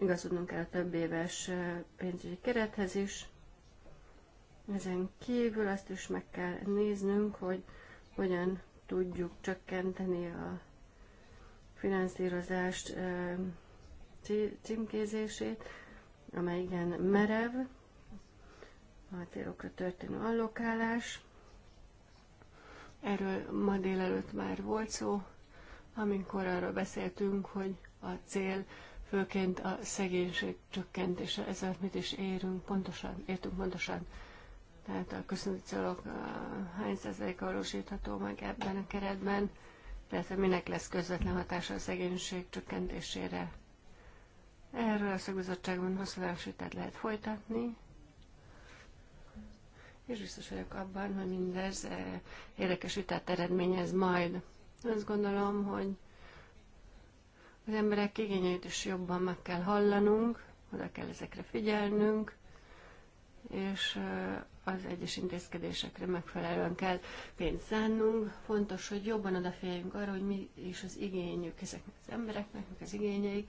igazodnunk kell a több éves pénzügyi kerethez is. Ezen kívül azt is meg kell néznünk, hogy hogyan tudjuk csökkenteni a finanszírozást címkézését, amely igen merev, a célokra történő allokálás. Erről ma délelőtt már volt szó, amikor arról beszéltünk, hogy a cél főként a szegénység csökkentése, ezzel mit is érünk pontosan, értünk pontosan. Tehát a köszönti célok hány százalék valósítható meg ebben a keretben, tehát minek lesz közvetlen hatása a szegénység csökkentésére. Erről a szakbizottságban hosszú vitát lehet folytatni, és biztos vagyok abban, hogy mindez eh, érdekes vitát eredményez majd. Azt gondolom, hogy az emberek igényeit is jobban meg kell hallanunk, oda kell ezekre figyelnünk, és az egyes intézkedésekre megfelelően kell pénzt szánnunk. Fontos, hogy jobban odafigyeljünk arra, hogy mi is az igényük ezeknek az embereknek, az igényeik.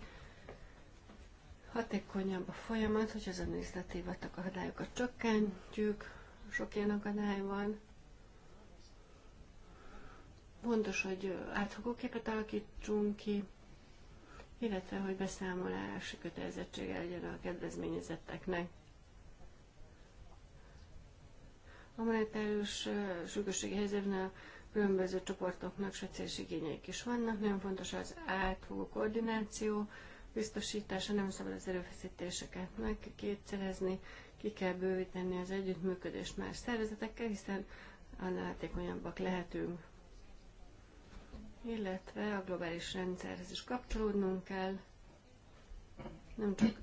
Hatékonyabb a folyamat, hogy az administratív akadályokat csökkentjük, sok ilyen akadály van. Fontos, hogy átfogó képet alakítsunk ki, illetve hogy beszámolási kötelezettsége legyen a kedvezményezetteknek. A monetárius sürgősségi helyzetben a különböző csoportoknak speciális igényeik is vannak. Nagyon fontos az átfogó koordináció, biztosítása, nem szabad az erőfeszítéseket kétszerezni, ki kell bővíteni az együttműködést más szervezetekkel, hiszen annál hatékonyabbak lehetünk illetve a globális rendszerhez is kapcsolódnunk kell. Nem csak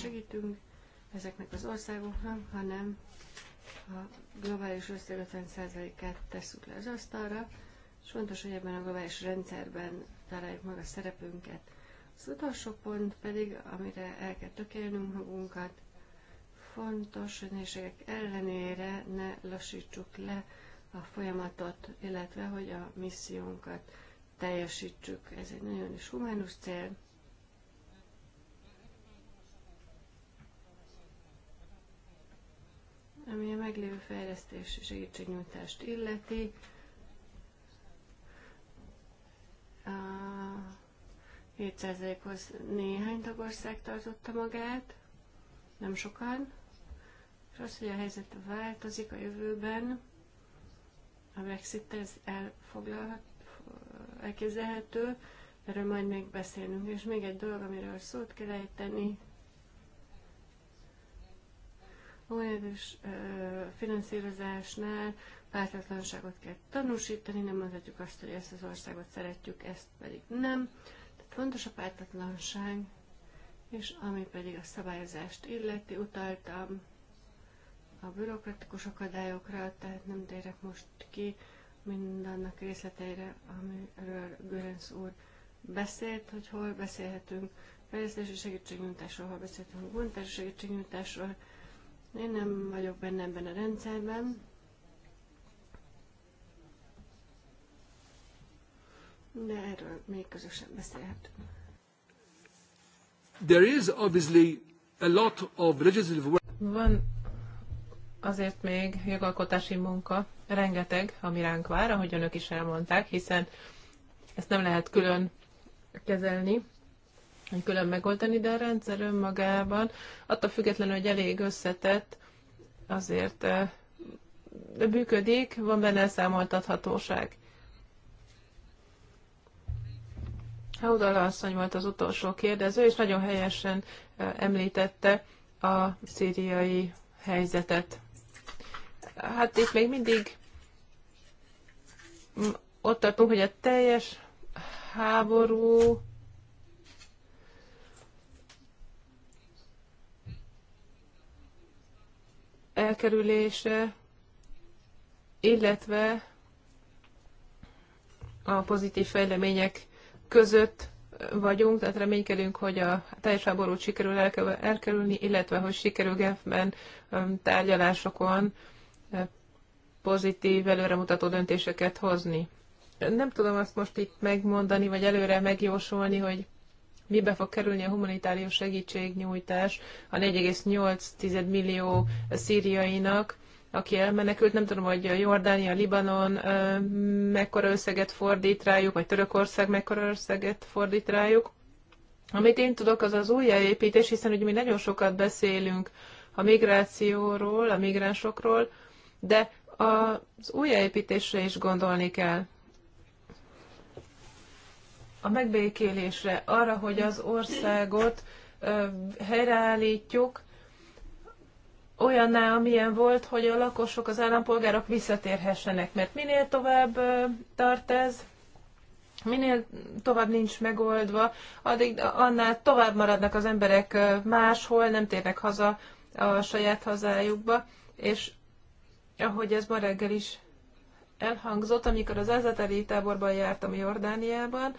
segítünk ezeknek az országoknak, hanem a globális összeg 50%-át tesszük le az asztalra, és fontos, hogy ebben a globális rendszerben találjuk meg a szerepünket. Az utolsó pont pedig, amire el kell tökélnünk magunkat, fontos, hogy nehézségek ellenére ne lassítsuk le a folyamatot, illetve hogy a missziónkat teljesítsük. Ez egy nagyon is humánus cél. Ami a meglévő fejlesztés és segítségnyújtást illeti, a 700 hoz néhány tagország tartotta magát, nem sokan, és az, hogy a helyzet változik a jövőben, a brexit ez elfoglalhat, elképzelhető, erről majd még beszélünk. És még egy dolog, amiről szót kell ejteni, Óérdős finanszírozásnál pártatlanságot kell tanúsítani, nem mondhatjuk azt, hogy ezt az országot szeretjük, ezt pedig nem. Tehát fontos a pártatlanság, és ami pedig a szabályozást illeti, utaltam a bürokratikus akadályokra, tehát nem térek most ki mindannak részleteire, amiről Görenc úr beszélt, hogy hol beszélhetünk fejlesztési segítségnyújtásról, hol beszélhetünk vontási segítségnyújtásról. Én nem vagyok benne ebben a rendszerben. De erről még közösen beszélhetünk. There is obviously a lot of legislative work. Van azért még jogalkotási munka rengeteg, ami ránk vár, ahogy önök is elmondták, hiszen ezt nem lehet külön kezelni, külön megoldani, de a rendszer önmagában, attól függetlenül, hogy elég összetett, azért bűködik, eh, van benne elszámoltathatóság. Haudala asszony volt az utolsó kérdező, és nagyon helyesen eh, említette a szíriai helyzetet. Hát itt még mindig ott tartunk, hogy a teljes háború elkerülése, illetve a pozitív fejlemények között vagyunk, tehát reménykedünk, hogy a teljes háborút sikerül elkerülni, illetve hogy sikerül Genfben um, tárgyalásokon pozitív, előremutató döntéseket hozni. Nem tudom azt most itt megmondani, vagy előre megjósolni, hogy mibe fog kerülni a humanitárius segítségnyújtás a 4,8 millió szíriainak, aki elmenekült, nem tudom, hogy Jordánia, Libanon mekkora összeget fordít rájuk, vagy Törökország mekkora összeget fordít rájuk. Amit én tudok, az az újjáépítés, hiszen ugye mi nagyon sokat beszélünk a migrációról, a migránsokról, de az újjáépítésre is gondolni kell. A megbékélésre, arra, hogy az országot helyreállítjuk, olyanná, amilyen volt, hogy a lakosok, az állampolgárok visszatérhessenek. Mert minél tovább tart ez, minél tovább nincs megoldva, addig annál tovább maradnak az emberek máshol, nem térnek haza a saját hazájukba, és ahogy ez ma reggel is elhangzott, amikor az azateli táborban jártam Jordániában,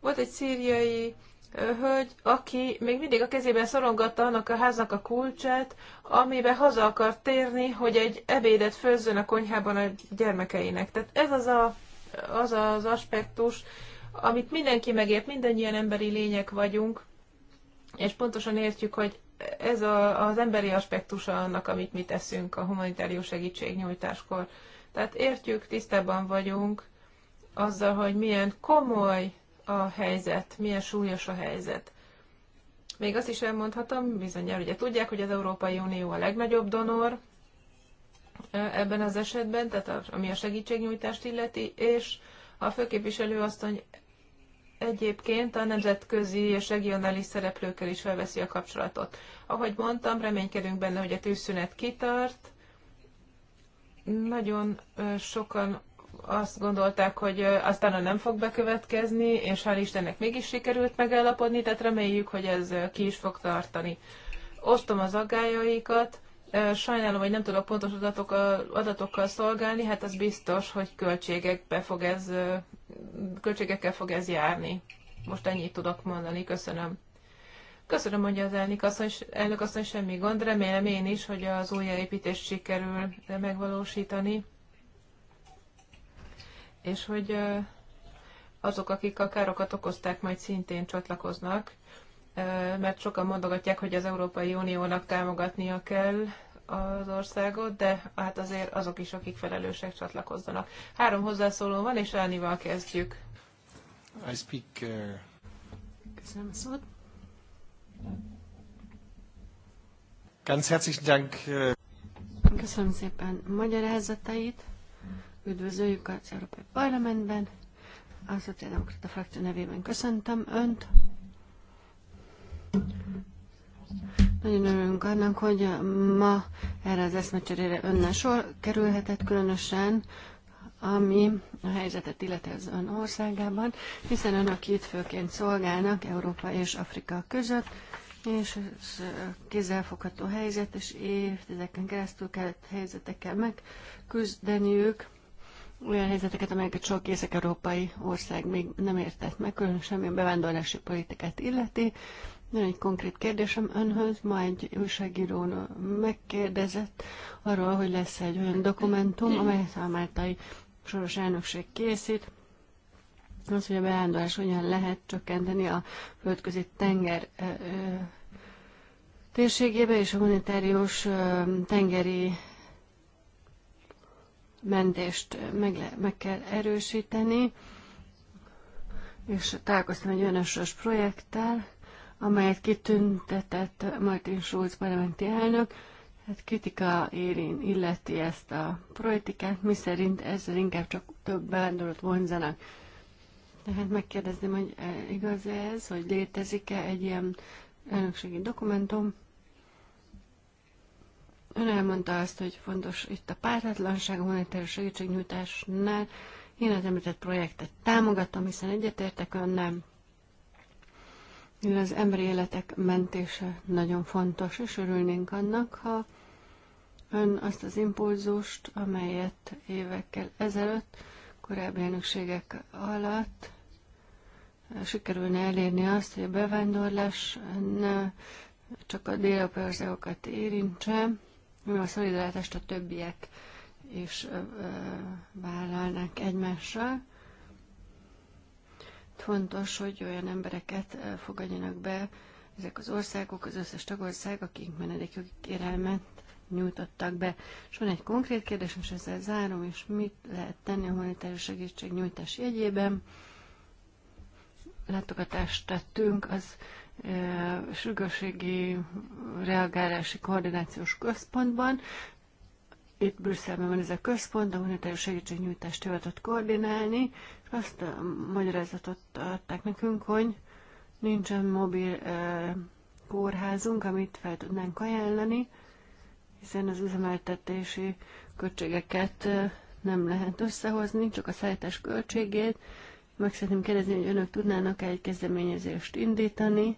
volt egy szíriai hölgy, aki még mindig a kezében szorongatta annak a háznak a kulcsát, amiben haza akar térni, hogy egy ebédet főzzön a konyhában a gyermekeinek. Tehát ez az a, az, az aspektus, amit mindenki megért, mindannyian emberi lények vagyunk, és pontosan értjük, hogy ez a, az emberi aspektusa annak, amit mi teszünk a humanitárius segítségnyújtáskor. Tehát értjük, tisztában vagyunk azzal, hogy milyen komoly a helyzet, milyen súlyos a helyzet. Még azt is elmondhatom, bizonyára ugye tudják, hogy az Európai Unió a legnagyobb donor ebben az esetben, tehát ami a segítségnyújtást illeti, és a főképviselő asszony egyébként a nemzetközi és regionális szereplőkkel is felveszi a kapcsolatot. Ahogy mondtam, reménykedünk benne, hogy a tűzszünet kitart. Nagyon sokan azt gondolták, hogy aztán nem fog bekövetkezni, és hál' Istennek mégis sikerült megállapodni, tehát reméljük, hogy ez ki is fog tartani. Osztom az aggájaikat, sajnálom, hogy nem tudok pontos adatokkal, adatokkal szolgálni, hát az biztos, hogy költségekbe fog ez költségekkel fog ez járni. Most ennyit tudok mondani, köszönöm. Köszönöm, mondja az elnök asszony, elnök asszony, semmi gond. Remélem én is, hogy az újjáépítést sikerül megvalósítani, és hogy azok, akik a károkat okozták, majd szintén csatlakoznak, mert sokan mondogatják, hogy az Európai Uniónak támogatnia kell az országot, de hát azért azok is, akik felelősek csatlakozzanak. Három hozzászóló van, és Ánival kezdjük. I speak... Uh... Köszönöm a szót. Ganz herzlichen Dank. Uh, Köszönöm szépen a magyarázatait. Üdvözöljük az Európai Parlamentben. A Szociáldemokrata frakció nevében köszöntöm Önt. Nagyon örülünk annak, hogy ma erre az eszmecserére önnel sor kerülhetett, különösen ami a helyzetet illeti az ön országában, hiszen önök itt főként szolgálnak Európa és Afrika között, és ez kézzelfogható helyzet, és évtizedeken keresztül kellett helyzetekkel megküzdeniük, olyan helyzeteket, amelyeket sok észak-európai ország még nem értett meg, különösen a bevándorlási politikát illeti, van egy konkrét kérdésem önhöz, ma egy újságíró megkérdezett arról, hogy lesz egy olyan dokumentum, amelyet a Máltai Soros Elnökség készít, az, hogy a beándorlás hogyan lehet csökkenteni a földközi tenger térségébe és a humanitárius tengeri mentést meg, le, meg kell erősíteni, és találkoztam egy önösös projekttel, amelyet kitüntetett Martin Schulz parlamenti elnök. Tehát kritika érin, illeti ezt a politikát, miszerint ezzel inkább csak több bevándorlót vonzanak. Tehát megkérdezném, hogy eh, igaz -e ez, hogy létezik-e egy ilyen elnökségi dokumentum. Ön elmondta azt, hogy fontos itt a pártatlanság, a humanitárius segítségnyújtásnál. Én az említett projektet támogatom, hiszen egyetértek önnel. Az emberi életek mentése nagyon fontos, és örülnénk annak, ha ön azt az impulzust, amelyet évekkel ezelőtt, korábbi elnökségek alatt eh, sikerülne elérni azt, hogy a bevándorlás ne csak a dél országokat érintse, mivel a szolidaritást a többiek is eh, eh, vállalnak egymással. Fontos, hogy olyan embereket fogadjanak be ezek az országok, az összes tagország, akik menedékjogi kérelmet nyújtottak be. És van egy konkrét kérdés, és ezzel zárom, és mit lehet tenni a humanitárius segítség nyújtás jegyében. Látogatást tettünk az e, sürgőségi reagálási koordinációs központban, itt Brüsszelben van ez a központ, a humanitárius segítségnyújtást hivatott koordinálni, és azt a magyarázatot adták nekünk, hogy nincsen mobil e, kórházunk, amit fel tudnánk ajánlani, hiszen az üzemeltetési költségeket nem lehet összehozni, csak a szállítás költségét. Meg szeretném kérdezni, hogy önök tudnának -e egy kezdeményezést indítani,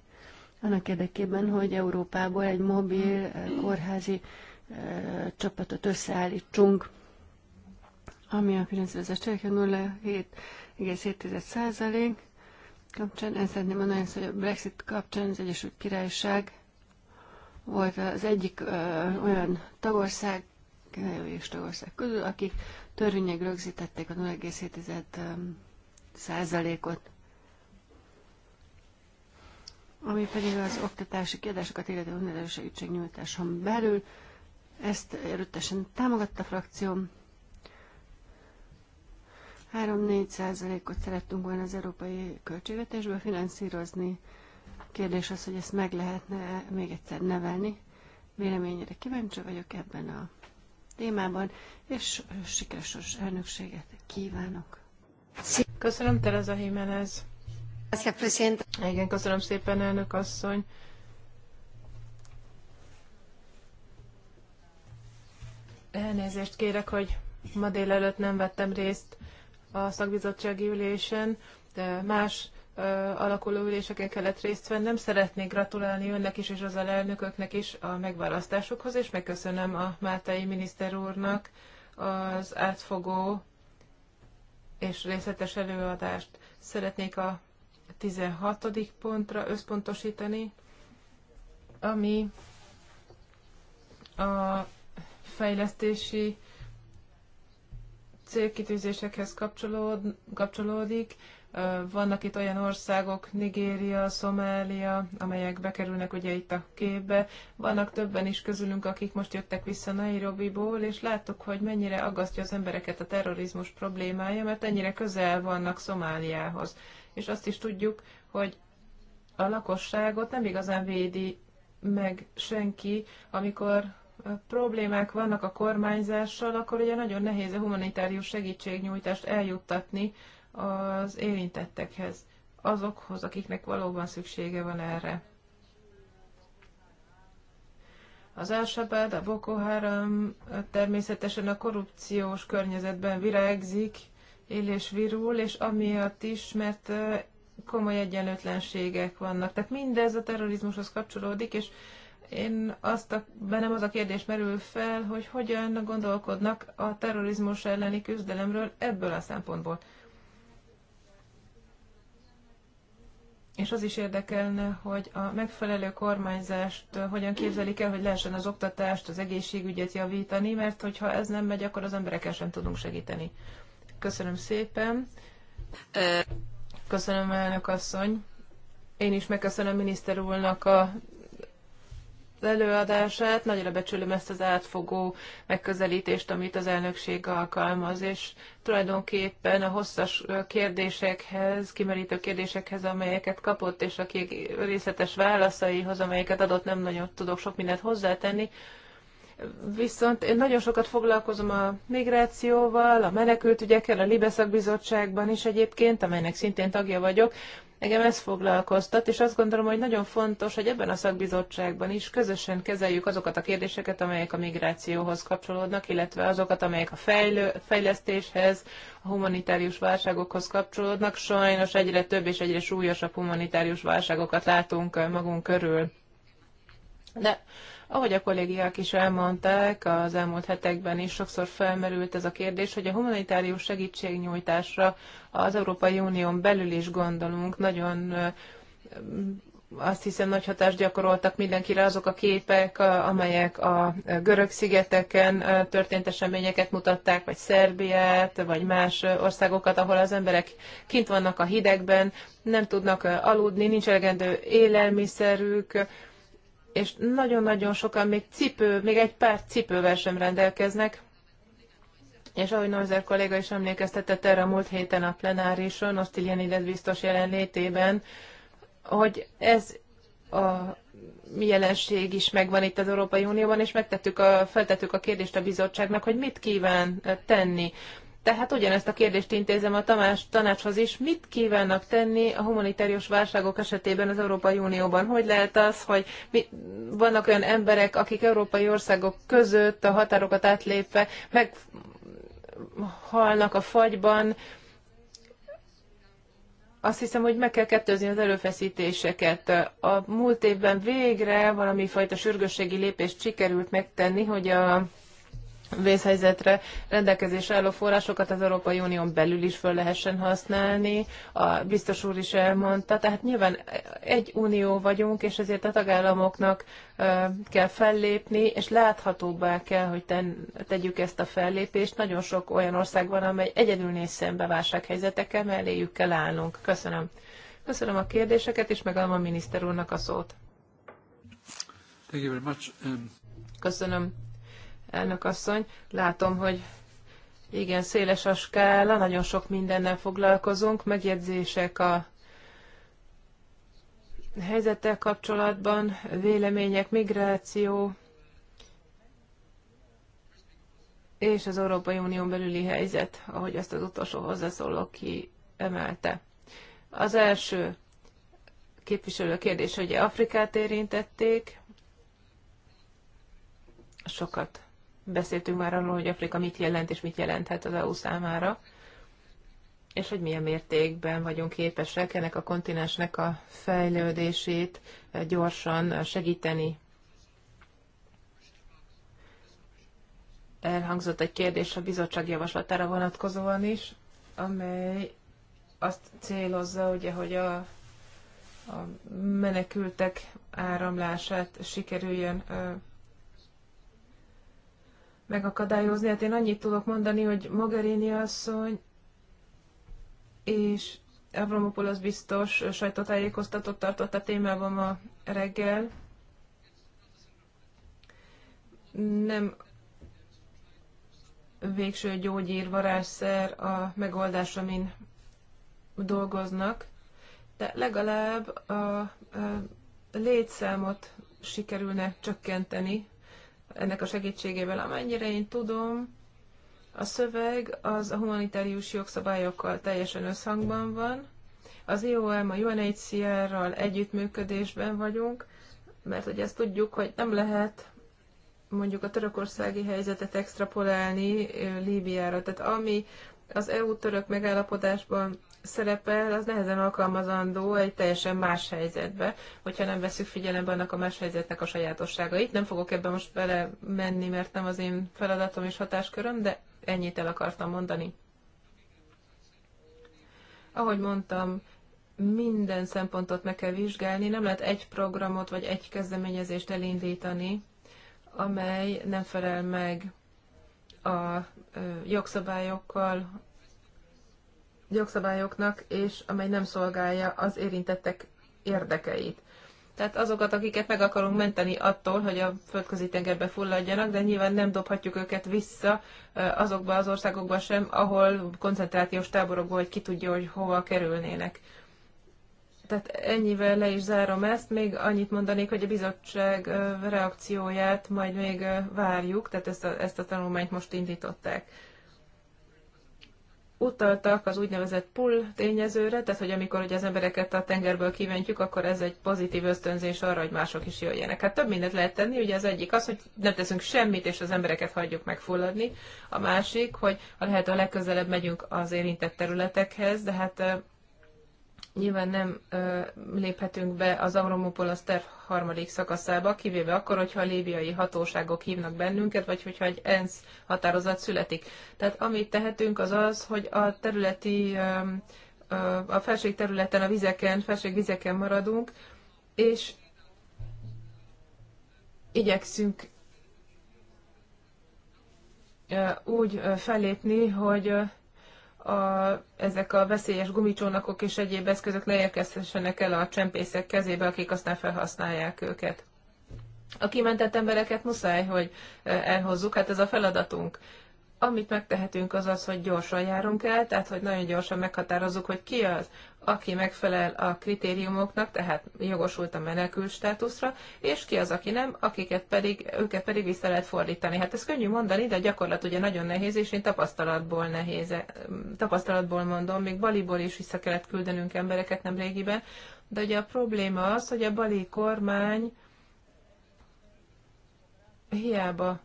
annak érdekében, hogy Európából egy mobil kórházi csapatot összeállítsunk, ami a finanszírozás cselekvő 0,7% kapcsán. Ezt szeretném mondani, hogy a Brexit kapcsán az Egyesült Királyság volt az egyik ö, olyan tagország, és tagország közül, akik törvények rögzítették a 0,7 százalékot. Ami pedig az oktatási kiadásokat, illetve a segítségnyújtáson belül ezt erőtesen támogatta a frakcióm. 3-4 százalékot szerettünk volna az európai költségvetésből finanszírozni. Kérdés az, hogy ezt meg lehetne még egyszer nevelni. Véleményére kíváncsi vagyok ebben a témában, és sikeres elnökséget kívánok. Köszönöm, Tereza Jimenez. Igen, köszönöm szépen, elnök asszony. Elnézést kérek, hogy ma délelőtt nem vettem részt a szakbizottsági ülésen, de más alakuló üléseken kellett részt vennem. Szeretnék gratulálni önnek is és az elnököknek is a megválasztásukhoz, és megköszönöm a Mátai miniszter úrnak az átfogó és részletes előadást. Szeretnék a 16. pontra összpontosítani, ami a fejlesztési célkitűzésekhez kapcsolód, kapcsolódik. Vannak itt olyan országok, Nigéria, Szomália, amelyek bekerülnek ugye itt a képbe. Vannak többen is közülünk, akik most jöttek vissza Nairobiból, és láttuk, hogy mennyire aggasztja az embereket a terrorizmus problémája, mert ennyire közel vannak Szomáliához. És azt is tudjuk, hogy a lakosságot nem igazán védi meg senki, amikor problémák vannak a kormányzással, akkor ugye nagyon nehéz a humanitárius segítségnyújtást eljuttatni az érintettekhez, azokhoz, akiknek valóban szüksége van erre. Az Ásabád, a Boko Haram természetesen a korrupciós környezetben virágzik, él és virul, és amiatt is, mert komoly egyenlőtlenségek vannak. Tehát mindez a terrorizmushoz kapcsolódik, és én azt a, bennem az a kérdés merül fel, hogy hogyan gondolkodnak a terrorizmus elleni küzdelemről ebből a szempontból. És az is érdekelne, hogy a megfelelő kormányzást uh, hogyan képzelik el, hogy lehessen az oktatást, az egészségügyet javítani, mert hogyha ez nem megy, akkor az embereken sem tudunk segíteni. Köszönöm szépen. Köszönöm, elnök asszony. Én is megköszönöm miniszter úrnak a előadását. Nagyra becsülöm ezt az átfogó megközelítést, amit az elnökség alkalmaz, és tulajdonképpen a hosszas kérdésekhez, kimerítő kérdésekhez, amelyeket kapott, és a részletes válaszaihoz, amelyeket adott, nem nagyon tudok sok mindent hozzátenni. Viszont én nagyon sokat foglalkozom a migrációval, a menekültügyekkel, a Libeszak Bizottságban is egyébként, amelynek szintén tagja vagyok, Engem ez foglalkoztat, és azt gondolom, hogy nagyon fontos, hogy ebben a szakbizottságban is közösen kezeljük azokat a kérdéseket, amelyek a migrációhoz kapcsolódnak, illetve azokat, amelyek a fejlő, fejlesztéshez, a humanitárius válságokhoz kapcsolódnak. Sajnos egyre több és egyre súlyosabb humanitárius válságokat látunk magunk körül. De ahogy a kollégiák is elmondták, az elmúlt hetekben is sokszor felmerült ez a kérdés, hogy a humanitárius segítségnyújtásra az Európai Unión belül is gondolunk. Nagyon azt hiszem nagy hatást gyakoroltak mindenkire azok a képek, amelyek a görög szigeteken történt eseményeket mutatták, vagy Szerbiát, vagy más országokat, ahol az emberek kint vannak a hidegben, nem tudnak aludni, nincs elegendő élelmiszerük, és nagyon-nagyon sokan még cipő, még egy pár cipővel sem rendelkeznek, és ahogy Norzer kolléga is emlékeztetett erre a múlt héten a plenárison, azt ilyen biztos jelenlétében, hogy ez a jelenség is megvan itt az Európai Unióban, és megtettük a, feltettük a kérdést a bizottságnak, hogy mit kíván tenni. Tehát ugyanezt a kérdést intézem a Tamás tanácshoz is. Mit kívánnak tenni a humanitárius válságok esetében az Európai Unióban? Hogy lehet az, hogy mi, vannak olyan emberek, akik európai országok között a határokat átlépve meghalnak a fagyban? Azt hiszem, hogy meg kell kettőzni az előfeszítéseket. A múlt évben végre valami fajta sürgősségi lépést sikerült megtenni, hogy a vészhelyzetre rendelkezésre álló forrásokat az Európai Unión belül is föl lehessen használni. A biztos úr is elmondta, tehát nyilván egy unió vagyunk, és ezért a tagállamoknak kell fellépni, és láthatóbbá kell, hogy ten, tegyük ezt a fellépést. Nagyon sok olyan ország van, amely egyedül néz szembe válsághelyzetekkel, melléjük kell állnunk. Köszönöm. Köszönöm a kérdéseket, és megadom a miniszter úrnak a szót. Thank you very much. Um, Köszönöm elnök asszony. Látom, hogy igen, széles a skála, nagyon sok mindennel foglalkozunk, megjegyzések a helyzettel kapcsolatban, vélemények, migráció és az Európai Unión belüli helyzet, ahogy ezt az utolsó hozzászóló ki emelte. Az első képviselő kérdés, hogy Afrikát érintették, sokat Beszéltünk már arról, hogy Afrika mit jelent és mit jelenthet az EU számára, és hogy milyen mértékben vagyunk képesek ennek a kontinensnek a fejlődését gyorsan segíteni. Elhangzott egy kérdés a bizottság javaslatára vonatkozóan is, amely azt célozza, ugye, hogy a, a menekültek áramlását sikerüljön megakadályozni. Hát én annyit tudok mondani, hogy Mogherini asszony és Avramopoulos biztos sajtótájékoztatót tartott a témában ma reggel. Nem végső gyógyír, varázsszer a megoldás, amin dolgoznak, de legalább a, a létszámot sikerülne csökkenteni, ennek a segítségével. Amennyire én tudom, a szöveg az a humanitárius jogszabályokkal teljesen összhangban van. Az IOM, a UNHCR-ral együttműködésben vagyunk, mert hogy ezt tudjuk, hogy nem lehet mondjuk a törökországi helyzetet extrapolálni Líbiára. Tehát ami az EU-török megállapodásban szerepel, az nehezen alkalmazandó egy teljesen más helyzetbe, hogyha nem veszük figyelembe annak a más helyzetnek a sajátosságait. Nem fogok ebben most bele menni, mert nem az én feladatom és hatásköröm, de ennyit el akartam mondani. Ahogy mondtam, minden szempontot meg kell vizsgálni, nem lehet egy programot vagy egy kezdeményezést elindítani, amely nem felel meg a jogszabályokkal, jogszabályoknak, és amely nem szolgálja az érintettek érdekeit. Tehát azokat, akiket meg akarunk menteni attól, hogy a földközi tengerbe fulladjanak, de nyilván nem dobhatjuk őket vissza azokba az országokba sem, ahol koncentrációs táborokból, hogy ki tudja, hogy hova kerülnének. Tehát ennyivel le is zárom ezt, még annyit mondanék, hogy a bizottság reakcióját majd még várjuk, tehát ezt a, ezt a tanulmányt most indították utaltak az úgynevezett pull tényezőre, tehát hogy amikor ugye az embereket a tengerből kiventjük, akkor ez egy pozitív ösztönzés arra, hogy mások is jöjjenek. Hát több mindent lehet tenni, ugye az egyik az, hogy nem teszünk semmit, és az embereket hagyjuk megfulladni. A másik, hogy a lehető legközelebb megyünk az érintett területekhez, de hát Nyilván nem ö, léphetünk be az Avromopolosz terv harmadik szakaszába, kivéve akkor, hogyha a líbiai hatóságok hívnak bennünket, vagy hogyha egy ENSZ határozat születik. Tehát amit tehetünk az az, hogy a területi, ö, ö, a felség területen, a vizeken, felség vizeken maradunk, és igyekszünk úgy fellépni, hogy a, ezek a veszélyes gumicsónakok és egyéb eszközök ne érkezhessenek el a csempészek kezébe, akik aztán felhasználják őket. A kimentett embereket muszáj, hogy e, elhozzuk, hát ez a feladatunk. Amit megtehetünk az az, hogy gyorsan járunk el, tehát hogy nagyon gyorsan meghatározzuk, hogy ki az, aki megfelel a kritériumoknak, tehát jogosult a menekült státuszra, és ki az, aki nem, akiket pedig, őket pedig vissza lehet fordítani. Hát ez könnyű mondani, de a gyakorlat ugye nagyon nehéz, és én tapasztalatból nehéz, tapasztalatból mondom, még Baliból is vissza kellett küldenünk embereket nem régiben, de ugye a probléma az, hogy a bali kormány hiába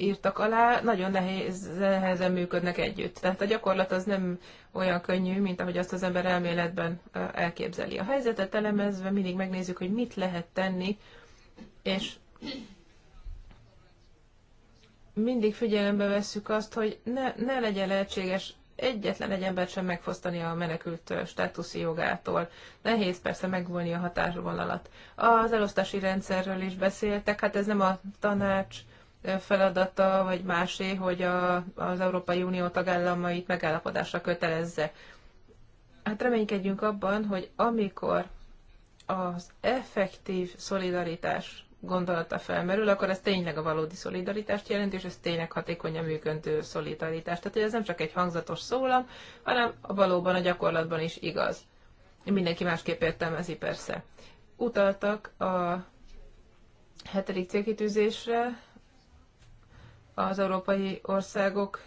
írtak alá, nagyon nehéz, nehezen működnek együtt. Tehát a gyakorlat az nem olyan könnyű, mint ahogy azt az ember elméletben elképzeli. A helyzetet elemezve mindig megnézzük, hogy mit lehet tenni, és mindig figyelembe vesszük azt, hogy ne, ne legyen lehetséges egyetlen egy embert sem megfosztani a menekült státuszi jogától. Nehéz persze megvolni a határvonalat. Az elosztási rendszerről is beszéltek, hát ez nem a tanács feladata, vagy másé, hogy a, az Európai Unió tagállamait megállapodásra kötelezze. Hát reménykedjünk abban, hogy amikor az effektív szolidaritás gondolata felmerül, akkor ez tényleg a valódi szolidaritást jelent, és ez tényleg hatékonyan működő szolidaritás. Tehát, hogy ez nem csak egy hangzatos szólam, hanem a valóban a gyakorlatban is igaz. Mindenki másképp értelmezi persze. Utaltak a hetedik célkitűzésre, az európai országok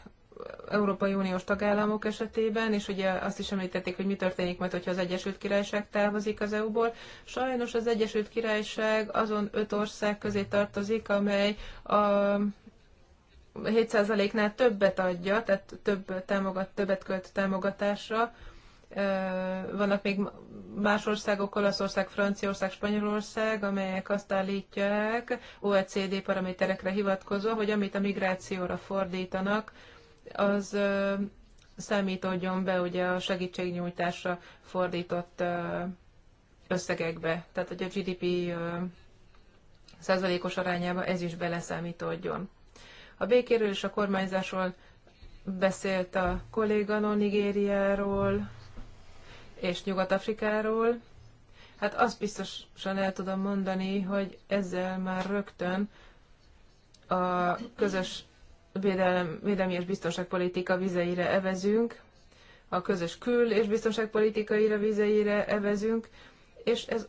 Európai Uniós tagállamok esetében, és ugye azt is említették, hogy mi történik majd, hogyha az Egyesült Királyság távozik az EU-ból. Sajnos az Egyesült Királyság azon öt ország közé tartozik, amely a 7%-nál többet adja, tehát több támogat, többet költ támogatásra vannak még más országok, Olaszország, Franciaország, Spanyolország, amelyek azt állítják OECD paraméterekre hivatkozva, hogy amit a migrációra fordítanak, az számítódjon be ugye a segítségnyújtásra fordított összegekbe. Tehát, hogy a GDP százalékos arányába ez is beleszámítódjon. A békéről és a kormányzásról beszélt a kolléganó Nigériáról, és Nyugat-Afrikáról, hát azt biztosan el tudom mondani, hogy ezzel már rögtön a közös védelem, védelmi és biztonságpolitika vizeire evezünk, a közös kül- és biztonságpolitikaira vizeire evezünk, és ez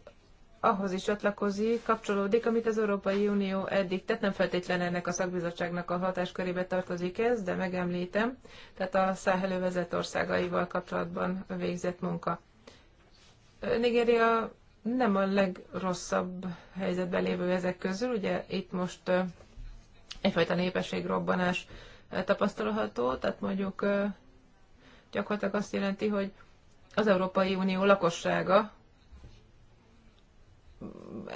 ahhoz is csatlakozik, kapcsolódik, amit az Európai Unió eddig tett. Nem feltétlen ennek a szakbizottságnak a hatáskörébe tartozik ez, de megemlítem, tehát a száhelő vezet országaival kapcsolatban végzett munka. Nigéria nem a legrosszabb helyzetben lévő ezek közül, ugye itt most egyfajta népességrobbanás tapasztalható, tehát mondjuk gyakorlatilag azt jelenti, hogy az Európai Unió lakossága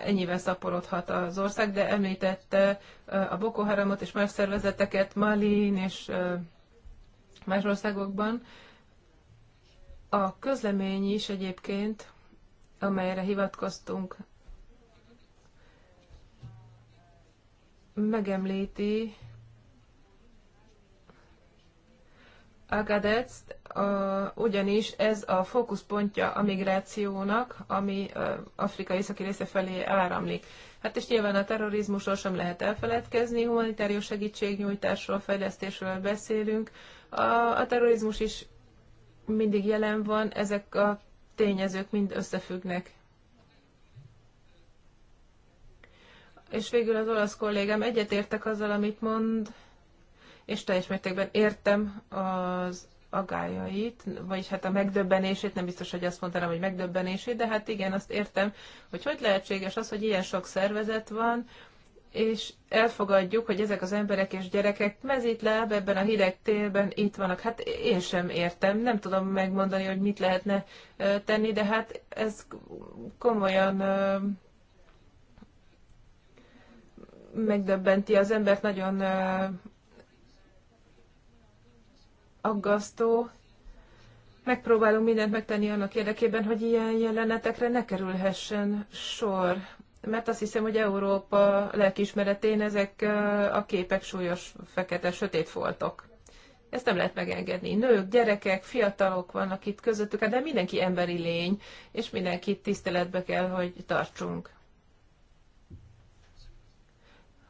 ennyivel szaporodhat az ország, de említette a Boko Haramot és más szervezeteket Malin és más országokban. A közlemény is egyébként, amelyre hivatkoztunk, megemlíti Agadez, ugyanis ez a fókuszpontja a migrációnak, ami Afrika északi része felé áramlik. Hát és nyilván a terrorizmusról sem lehet elfeledkezni, humanitárius segítségnyújtásról, fejlesztésről beszélünk. A, a terrorizmus is mindig jelen van, ezek a tényezők mind összefüggnek. És végül az olasz kollégám egyetértek azzal, amit mond, és teljes mértékben értem az agályait, vagyis hát a megdöbbenését, nem biztos, hogy azt mondanám, hogy megdöbbenését, de hát igen, azt értem, hogy hogy lehetséges az, hogy ilyen sok szervezet van, és elfogadjuk, hogy ezek az emberek és gyerekek mezítláb ebben a hideg télben itt vannak. Hát én sem értem, nem tudom megmondani, hogy mit lehetne tenni, de hát ez komolyan megdöbbenti az embert, nagyon aggasztó. Megpróbálunk mindent megtenni annak érdekében, hogy ilyen jelenetekre ne kerülhessen sor. Mert azt hiszem, hogy Európa lelkiismeretén ezek a képek súlyos fekete, sötét foltok. Ezt nem lehet megengedni. Nők, gyerekek, fiatalok vannak itt közöttük, hát de mindenki emberi lény, és mindenkit tiszteletbe kell, hogy tartsunk.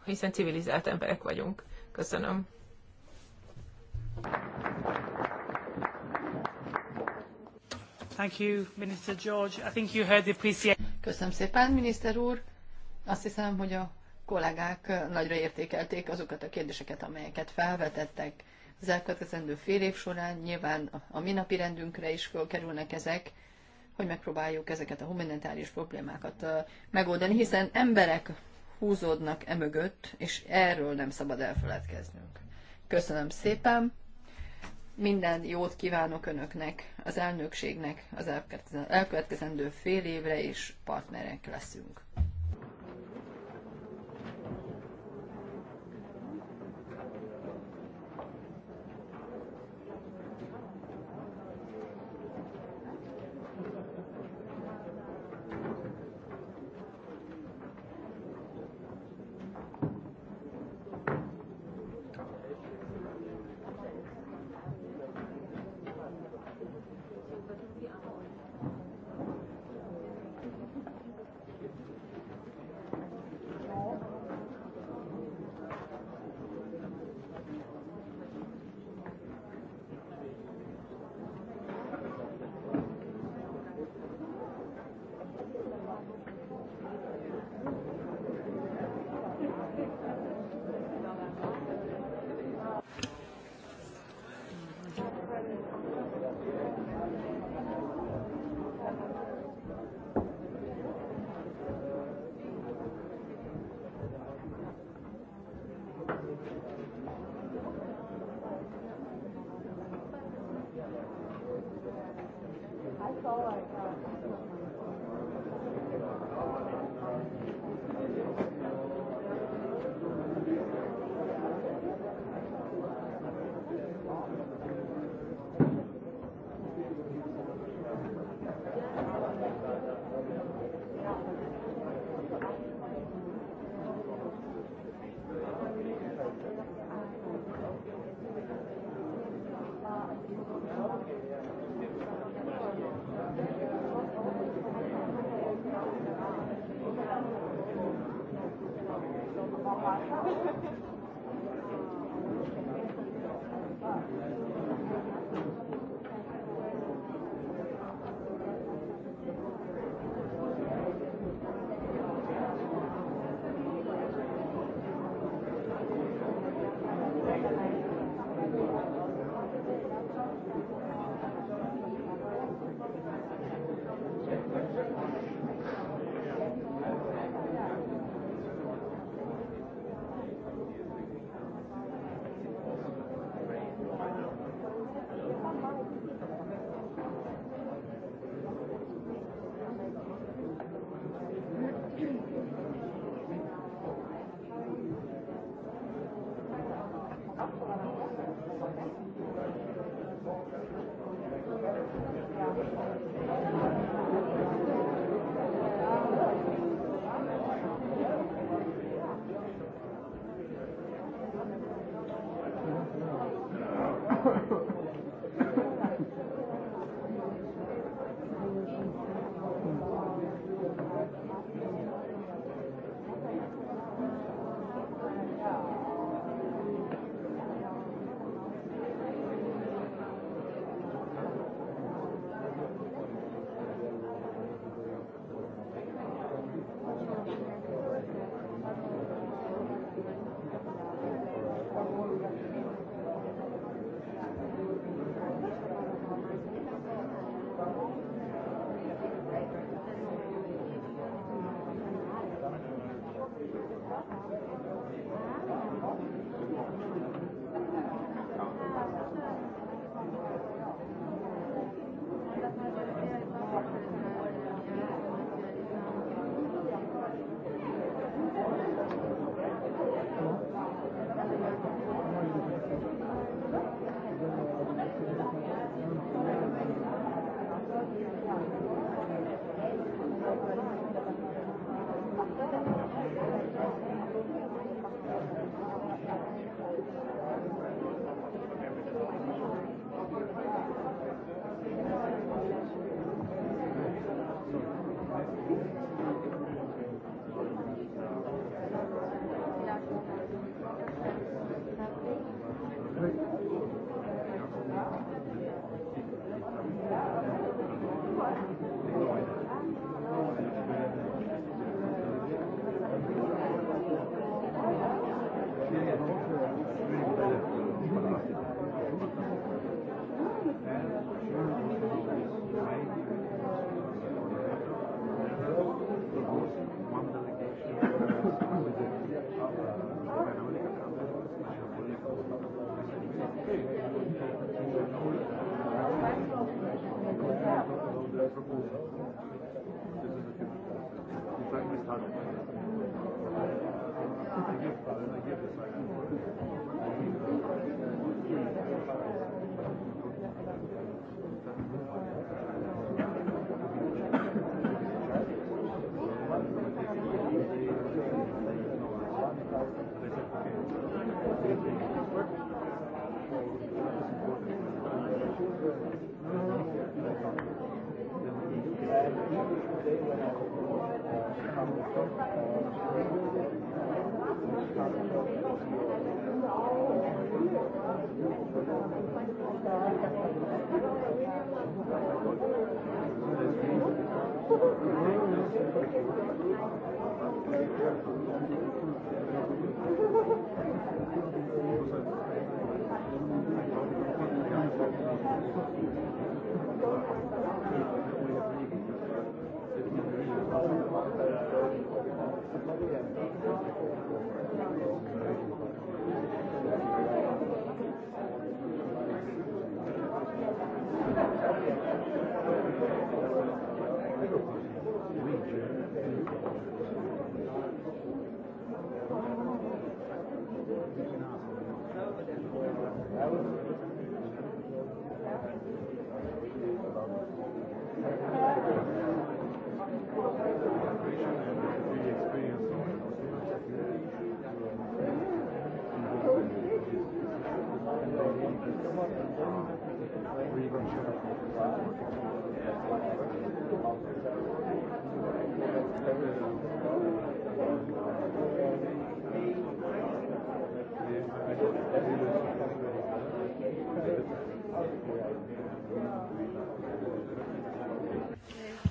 Hiszen civilizált emberek vagyunk. Köszönöm. Köszönöm szépen, miniszter úr. Azt hiszem, hogy a kollégák nagyra értékelték azokat a kérdéseket, amelyeket felvetettek. Az elkövetkezendő fél év során nyilván a mi napi rendünkre is fölkerülnek ezek, hogy megpróbáljuk ezeket a humanitárius problémákat megoldani, hiszen emberek húzódnak emögött, és erről nem szabad elfeledkeznünk. Köszönöm szépen! Minden jót kívánok Önöknek, az elnökségnek, az elkövetkezendő fél évre, is partnerek leszünk.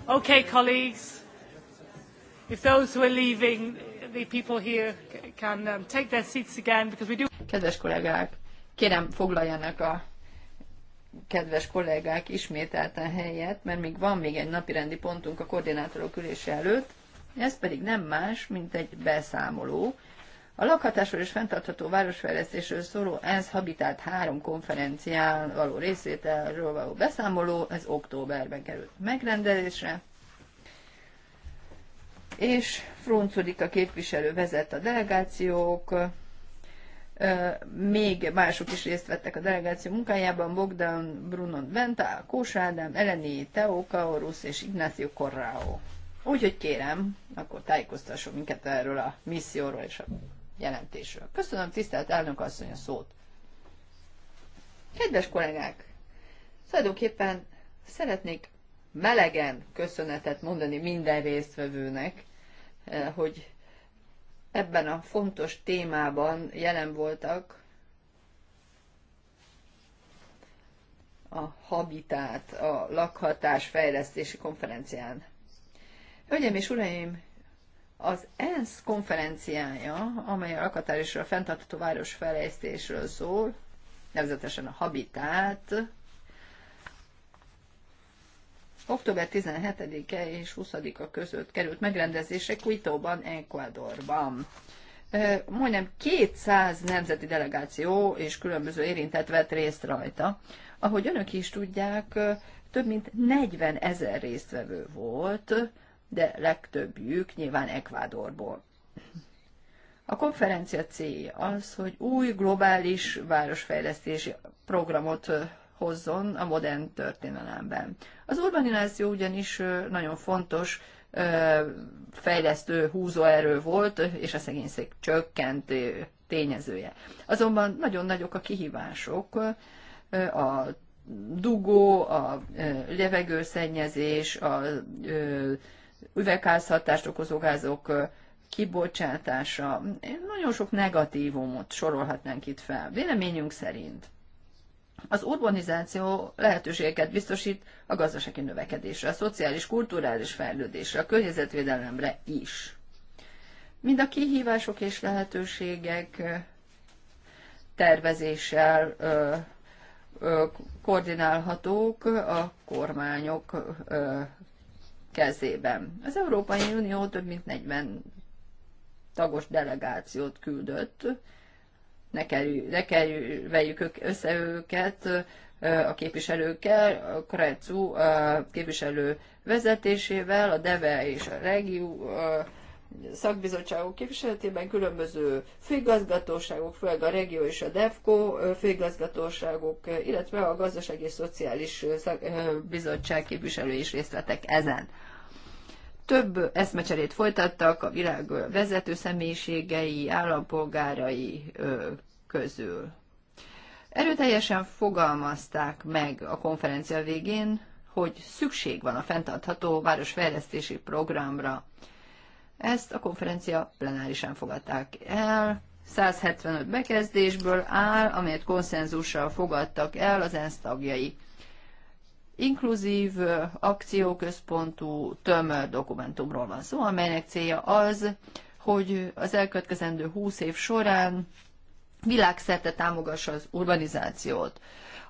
Okay, colleagues, if those who are leaving, the people here can um, take their seats again because we do. Kedves kollégák, kérem foglaljanak a kedves kollégák ismételten helyet, mert még van még egy napi rendi pontunk a koordinátorok ülése előtt. Ez pedig nem más, mint egy beszámoló a lakhatásról és fenntartható városfejlesztésről szóló ENSZ Habitat 3 konferencián való részvételről való beszámoló, ez októberben került megrendelésre, és Fruncudik a képviselő vezet a delegációk, még mások is részt vettek a delegáció munkájában, Bogdan Brunon Benta, Kósádám, Ádám, Eleni Teo Kaorusz és Ignacio Corrao. Úgyhogy kérem, akkor tájékoztasson minket erről a misszióról és a jelentésről. Köszönöm, tisztelt elnök asszony a szót. Kedves kollégák, tulajdonképpen szeretnék melegen köszönetet mondani minden résztvevőnek, eh, hogy ebben a fontos témában jelen voltak a Habitát, a lakhatás fejlesztési konferencián. Hölgyeim és uraim, az ENSZ konferenciája, amely a lakatárisra a fenntartható városfejlesztésről szól, nevezetesen a Habitát, október 17-e és 20-a között került megrendezésre Quitóban, Ecuadorban. Majdnem 200 nemzeti delegáció és különböző érintett vett részt rajta. Ahogy önök is tudják, több mint 40 ezer résztvevő volt, de legtöbbjük nyilván Ekvádorból. A konferencia célja az, hogy új globális városfejlesztési programot hozzon a modern történelemben. Az urbanizáció ugyanis nagyon fontos fejlesztő húzóerő volt, és a szegénység csökkent tényezője. Azonban nagyon nagyok a kihívások, a dugó, a levegőszennyezés, a üvegházhatást okozó gázok kibocsátása. Nagyon sok negatívumot sorolhatnánk itt fel, véleményünk szerint. Az urbanizáció lehetőségeket biztosít a gazdasági növekedésre, a szociális, kulturális fejlődésre, a környezetvédelemre is. Mind a kihívások és lehetőségek tervezéssel koordinálhatók a kormányok kezében. Az Európai Unió több mint 40 tagos delegációt küldött, ne, kerül, ne kerüljük össze őket a képviselőkkel, a Krecu képviselő vezetésével, a DEVE és a Regiu szakbizottságok képviseletében különböző főigazgatóságok, főleg a Regió és a DEFCO főigazgatóságok, illetve a Gazdaság és Szociális Bizottság képviselői is részt vettek ezen. Több eszmecserét folytattak a világ vezető személyiségei, állampolgárai közül. Erőteljesen fogalmazták meg a konferencia végén, hogy szükség van a fenntartható városfejlesztési programra. Ezt a konferencia plenárisán fogadták el. 175 bekezdésből áll, amelyet konszenzussal fogadtak el az ENSZ tagjai. Inkluzív, akcióközpontú, tömör dokumentumról van szó, amelynek célja az, hogy az elkövetkezendő 20 év során világszerte támogassa az urbanizációt.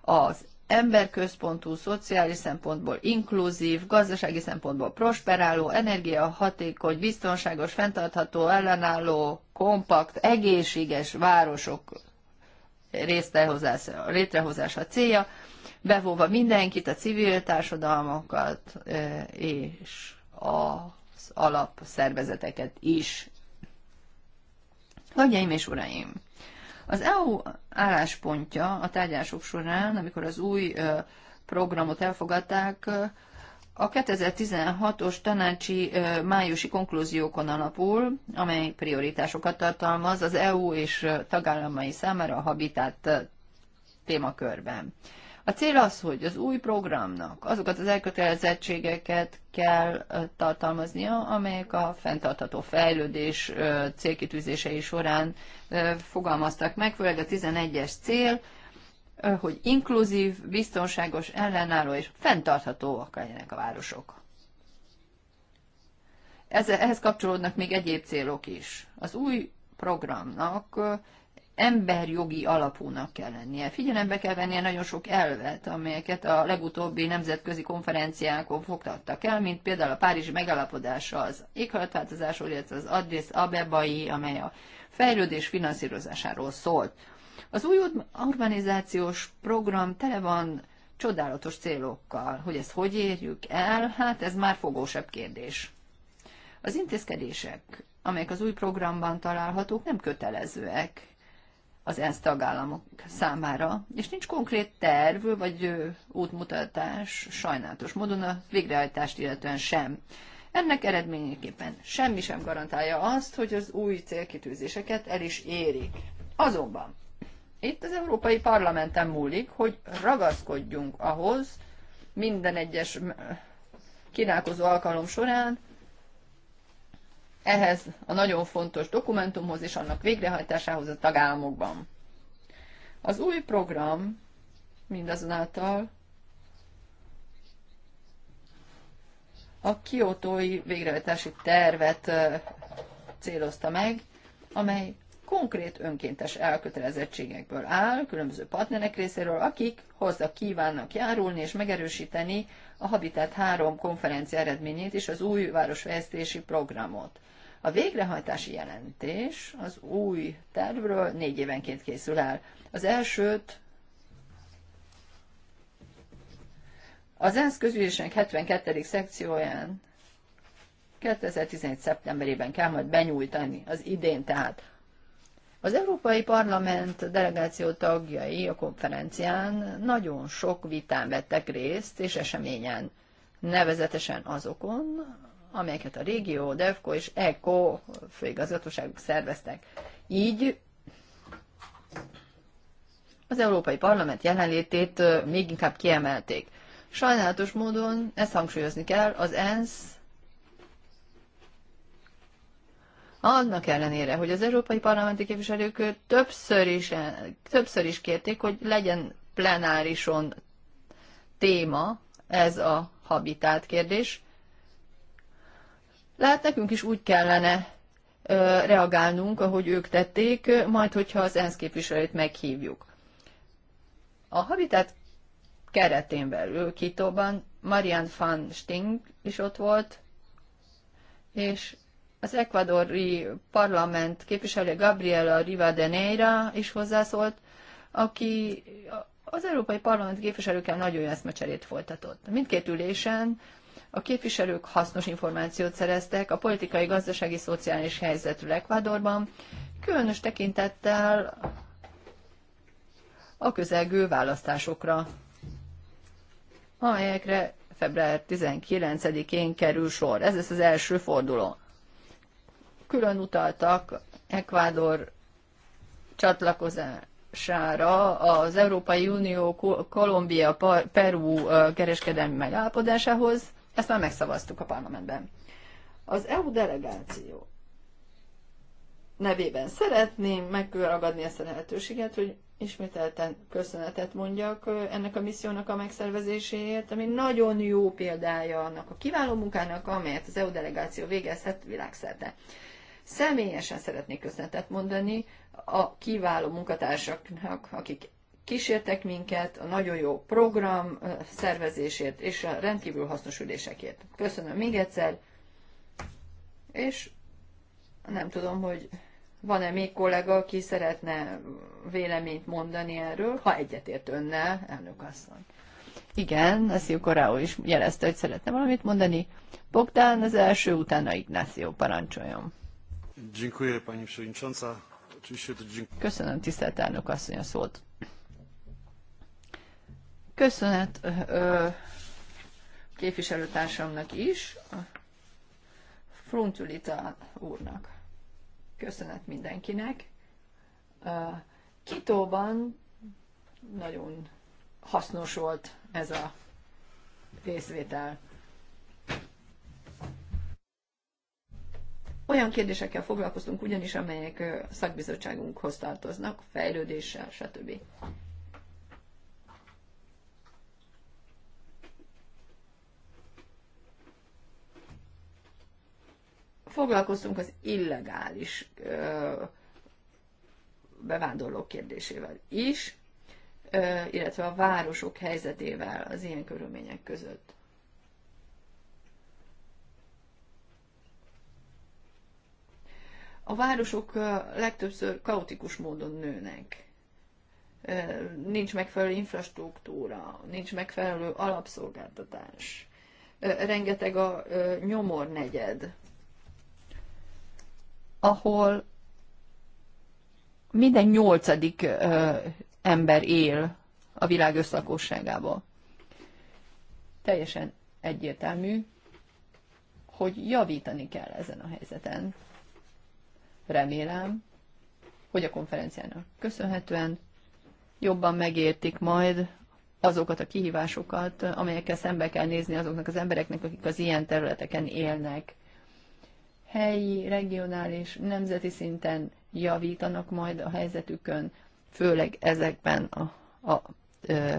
Az emberközpontú, szociális szempontból inkluzív, gazdasági szempontból prosperáló, energiahatékony, biztonságos, fenntartható, ellenálló, kompakt, egészséges városok létrehozása célja, bevóva mindenkit, a civil társadalmakat és az alapszervezeteket is. Hölgyeim és uraim! Az EU álláspontja a tárgyások során, amikor az új programot elfogadták, a 2016-os tanácsi májusi konklúziókon alapul, amely prioritásokat tartalmaz az EU és tagállamai számára a habitat témakörben. A cél az, hogy az új programnak azokat az elkötelezettségeket kell tartalmaznia, amelyek a fenntartható fejlődés célkitűzései során fogalmaztak meg, főleg a 11-es cél, hogy inkluzív, biztonságos, ellenálló és fenntarthatóak legyenek a városok. Ez, ehhez kapcsolódnak még egyéb célok is. Az új programnak emberjogi alapúnak kell lennie. Figyelembe kell vennie nagyon sok elvet, amelyeket a legutóbbi nemzetközi konferenciákon fogtattak el, mint például a Párizsi megalapodása az éghajlatváltozásról, illetve az Addis Abebai, amely a fejlődés finanszírozásáról szólt. Az új urbanizációs program tele van csodálatos célokkal. Hogy ezt hogy érjük el, hát ez már fogósabb kérdés. Az intézkedések, amelyek az új programban találhatók, nem kötelezőek, az ENSZ tagállamok számára, és nincs konkrét terv vagy útmutatás sajnálatos módon a végrehajtást illetően sem. Ennek eredményeképpen semmi sem garantálja azt, hogy az új célkitűzéseket el is érik. Azonban itt az Európai Parlamenten múlik, hogy ragaszkodjunk ahhoz minden egyes kínálkozó alkalom során, ehhez a nagyon fontos dokumentumhoz és annak végrehajtásához a tagállamokban. Az új program mindazonáltal a kiotói végrehajtási tervet célozta meg, amely konkrét önkéntes elkötelezettségekből áll, különböző partnerek részéről, akik hozzá kívánnak járulni és megerősíteni a Habitat 3 konferencia eredményét és az új városfejlesztési programot. A végrehajtási jelentés az új tervről négy évenként készül el. Az elsőt az ENSZ közülésének 72. szekcióján 2011. szeptemberében kell majd benyújtani, az idén tehát. Az Európai Parlament delegáció tagjai a konferencián nagyon sok vitán vettek részt és eseményen, nevezetesen azokon, amelyeket a régió, DEFCO és ECO főigazgatóságok szerveztek. Így az Európai Parlament jelenlétét még inkább kiemelték. Sajnálatos módon ezt hangsúlyozni kell, az ENSZ annak ellenére, hogy az európai parlamenti képviselők többször is, többször is kérték, hogy legyen plenárison téma ez a habitát kérdés, lehet nekünk is úgy kellene ö, reagálnunk, ahogy ők tették, majd hogyha az ENSZ képviselőt meghívjuk. A Habitat keretén belül Kitóban Marian van Sting is ott volt, és az ekvadori parlament képviselő Gabriela Rivadeneira is hozzászólt, aki az Európai Parlament képviselőkkel nagyon jó eszmecserét folytatott. Mindkét ülésen a képviselők hasznos információt szereztek a politikai, gazdasági, szociális helyzetről Ekvádorban, különös tekintettel a közelgő választásokra, amelyekre február 19-én kerül sor. Ez lesz az első forduló. Külön utaltak Ekvádor csatlakozására az Európai Unió Kolumbia Peru kereskedelmi megállapodásához, ezt már megszavaztuk a parlamentben. Az EU delegáció nevében szeretném megragadni ezt a lehetőséget, hogy ismételten köszönetet mondjak ennek a missziónak a megszervezéséért, ami nagyon jó példája annak a kiváló munkának, amelyet az EU delegáció végezhet világszerte. Személyesen szeretnék köszönetet mondani a kiváló munkatársaknak, akik kísértek minket, a nagyon jó program szervezésért és a rendkívül hasznos ülésekért. Köszönöm még egyszer, és nem tudom, hogy van-e még kollega, aki szeretne véleményt mondani erről, ha egyetért önnel, elnök asszony. Igen, Nasszió Koráó is jelezte, hogy szeretne valamit mondani. Bogdán az első, utána Ignacio, parancsoljon. Köszönöm, tisztelt elnök asszony, a szót. Köszönet ö, képviselőtársamnak is, a Fruntulita úrnak. Köszönet mindenkinek. Kitóban nagyon hasznos volt ez a részvétel. Olyan kérdésekkel foglalkoztunk ugyanis, amelyek szakbizottságunkhoz tartoznak, fejlődéssel, stb. foglalkoztunk az illegális bevándorlók kérdésével is, illetve a városok helyzetével az ilyen körülmények között. A városok legtöbbször kaotikus módon nőnek. Nincs megfelelő infrastruktúra, nincs megfelelő alapszolgáltatás. Rengeteg a nyomornegyed, ahol minden nyolcadik ö, ember él a világ összlakosságából. Teljesen egyértelmű, hogy javítani kell ezen a helyzeten. Remélem, hogy a konferenciának köszönhetően jobban megértik majd azokat a kihívásokat, amelyekkel szembe kell nézni azoknak az embereknek, akik az ilyen területeken élnek helyi, regionális, nemzeti szinten javítanak majd a helyzetükön, főleg ezekben a, a a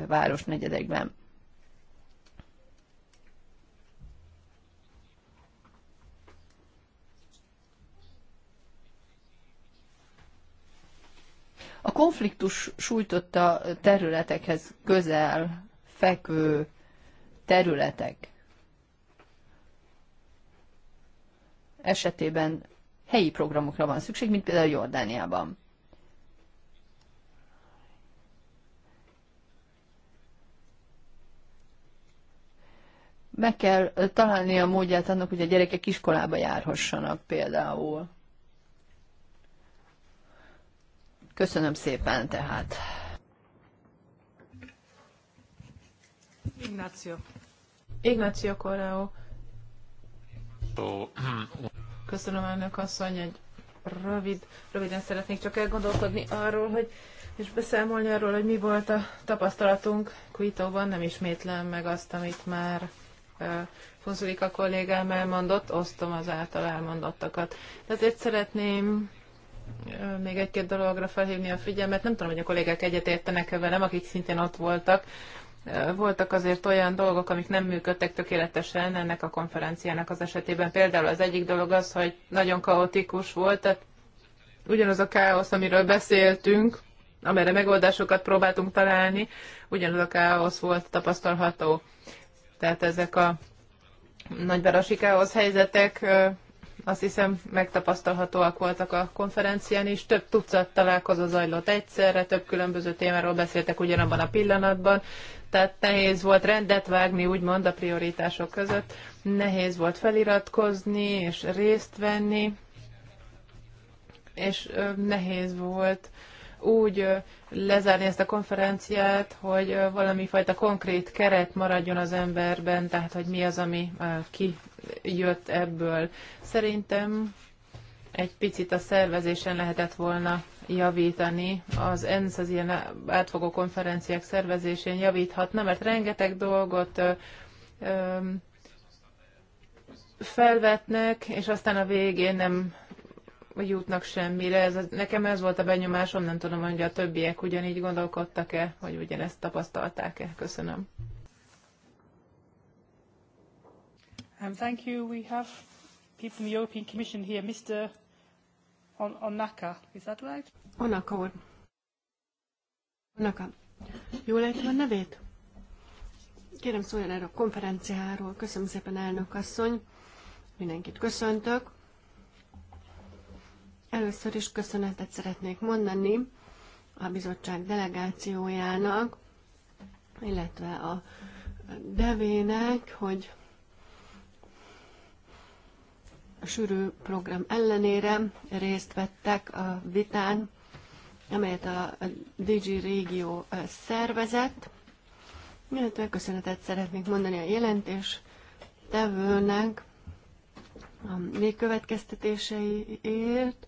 városnegyedekben. A konfliktus sújtotta területekhez közel fekvő területek esetében helyi programokra van szükség, mint például Jordániában. Meg kell találni a módját annak, hogy a gyerekek iskolába járhassanak például. Köszönöm szépen tehát. Ignácio. Ignácio Correo. Köszönöm, elnök asszony, egy rövid, röviden szeretnék csak elgondolkodni arról, hogy és beszámolni arról, hogy mi volt a tapasztalatunk Kuitóban, nem ismétlem meg azt, amit már Fonzulik a kollégám elmondott, osztom az által elmondottakat. De azért szeretném még egy-két dologra felhívni a figyelmet. Nem tudom, hogy a kollégák egyetértenek-e velem, akik szintén ott voltak, voltak azért olyan dolgok, amik nem működtek tökéletesen ennek a konferenciának az esetében. Például az egyik dolog az, hogy nagyon kaotikus volt, tehát ugyanaz a káosz, amiről beszéltünk, amire megoldásokat próbáltunk találni, ugyanaz a káosz volt tapasztalható. Tehát ezek a nagyvárosi káosz helyzetek azt hiszem megtapasztalhatóak voltak a konferencián is. Több tucat találkozó zajlott egyszerre, több különböző témáról beszéltek ugyanabban a pillanatban, tehát nehéz volt rendet vágni, úgymond a prioritások között, nehéz volt feliratkozni és részt venni, és nehéz volt úgy lezárni ezt a konferenciát, hogy valami fajta konkrét keret maradjon az emberben, tehát hogy mi az, ami kijött ebből. Szerintem egy picit a szervezésen lehetett volna javítani. Az ENSZ az ilyen átfogó konferenciák szervezésén javíthatna, mert rengeteg dolgot felvetnek, és aztán a végén nem jutnak semmire. Ez, nekem ez volt a benyomásom, nem tudom, hogy a többiek ugyanígy gondolkodtak-e, vagy ugyanezt tapasztalták-e. Köszönöm. Um, thank you. We have people from the European Commission here, Mr on, on Naka, is that right? Onaka úr. Onaka. Jól lehetem a nevét? Kérem szóljon erre a konferenciáról. Köszönöm szépen, elnök asszony. Mindenkit köszöntök. Először is köszönetet szeretnék mondani a bizottság delegációjának, illetve a devének, hogy a sűrű program ellenére részt vettek a vitán, amelyet a Digi Régió eh, szervezett, illetve köszönetet szeretnék mondani a jelentés tevőnek a végkövetkeztetéseiért.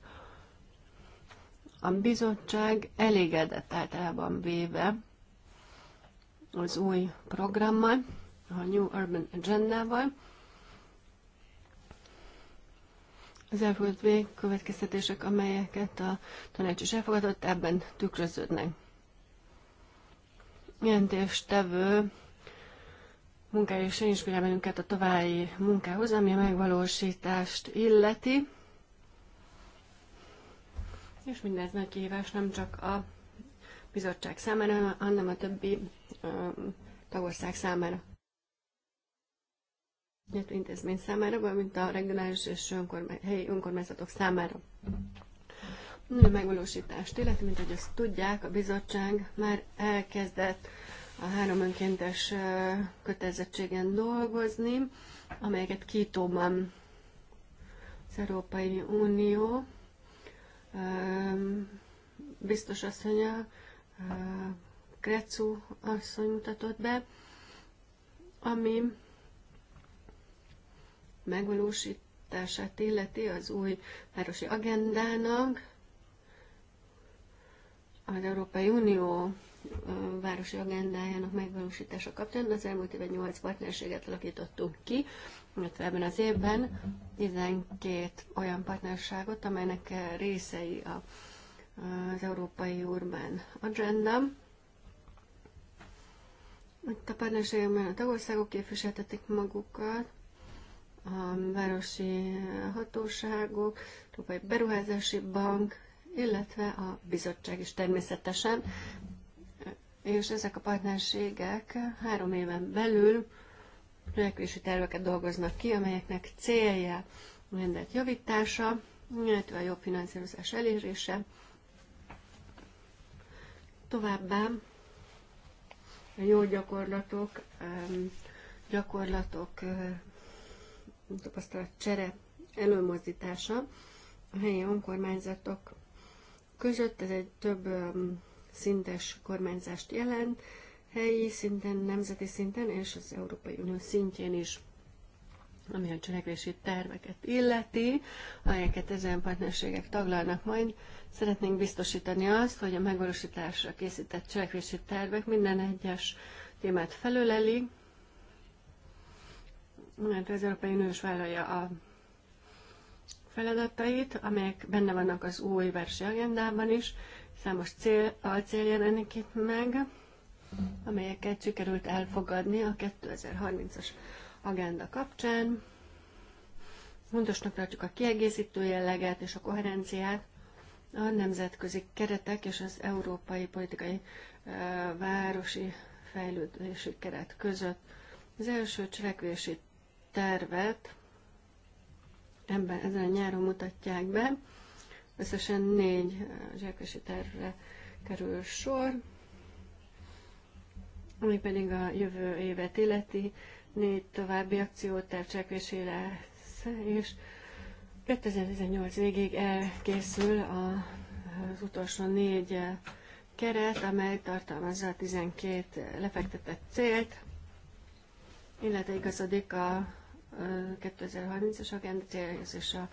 A bizottság elégedett általában véve az új programmal, a New Urban Agenda-val, Az elfogadott végkövetkeztetések, amelyeket a tanács is elfogadott, ebben tükröződnek. Jelentéstevő munkája is inspirál bennünket a további munkához, ami a megvalósítást illeti. És mindez nagy kihívás nem csak a bizottság számára, hanem a többi ö, tagország számára illetve intézmény számára, valamint a regionális és önkormány, helyi önkormányzatok számára. megvalósítást illetve, mint hogy azt tudják, a bizottság már elkezdett a három önkéntes kötelezettségen dolgozni, amelyeket Kítóban az Európai Unió biztos asszonya, Krecu asszony mutatott be, ami megvalósítását illeti az új városi agendának, az Európai Unió városi agendájának megvalósítása kapcsán az elmúlt évben 8 partnerséget alakítottunk ki, illetve ebben az évben 12 olyan partnerságot, amelynek részei a, az Európai Urban Agenda. Itt a partnerségekben a tagországok képviseltetik magukat, a városi hatóságok, Európai Beruházási Bank, illetve a bizottság is természetesen. És ezek a partnerségek három éven belül növekvési terveket dolgoznak ki, amelyeknek célja a rendet javítása, illetve a jobb finanszírozás elérése. Továbbá a jó gyakorlatok, gyakorlatok tapasztalat csere előmozdítása a helyi önkormányzatok között. Ez egy több szintes kormányzást jelent, helyi szinten, nemzeti szinten és az Európai Unió szintjén is ami a cselekvési terveket illeti, amelyeket ezen partnerségek taglalnak majd. Szeretnénk biztosítani azt, hogy a megvalósításra készített cselekvési tervek minden egyes témát felöleli, mert az Európai Unió vállalja a feladatait, amelyek benne vannak az új agendában is. Számos cél, alcél jelenik itt meg, amelyeket sikerült elfogadni a 2030-as agenda kapcsán. Fontosnak tartjuk a kiegészítő jelleget és a koherenciát a nemzetközi keretek és az európai politikai e, városi fejlődési keret között. Az első cselekvési tervet ebben, ezen a nyáron mutatják be. Összesen négy zsákosi tervre kerül sor, ami pedig a jövő évet illeti, négy további akcióterv lesz, és 2018 végéig elkészül a, az utolsó négy keret, amely tartalmazza a 12 lefektetett célt, illetve igazodik a 2030-as agenda céljaihoz és a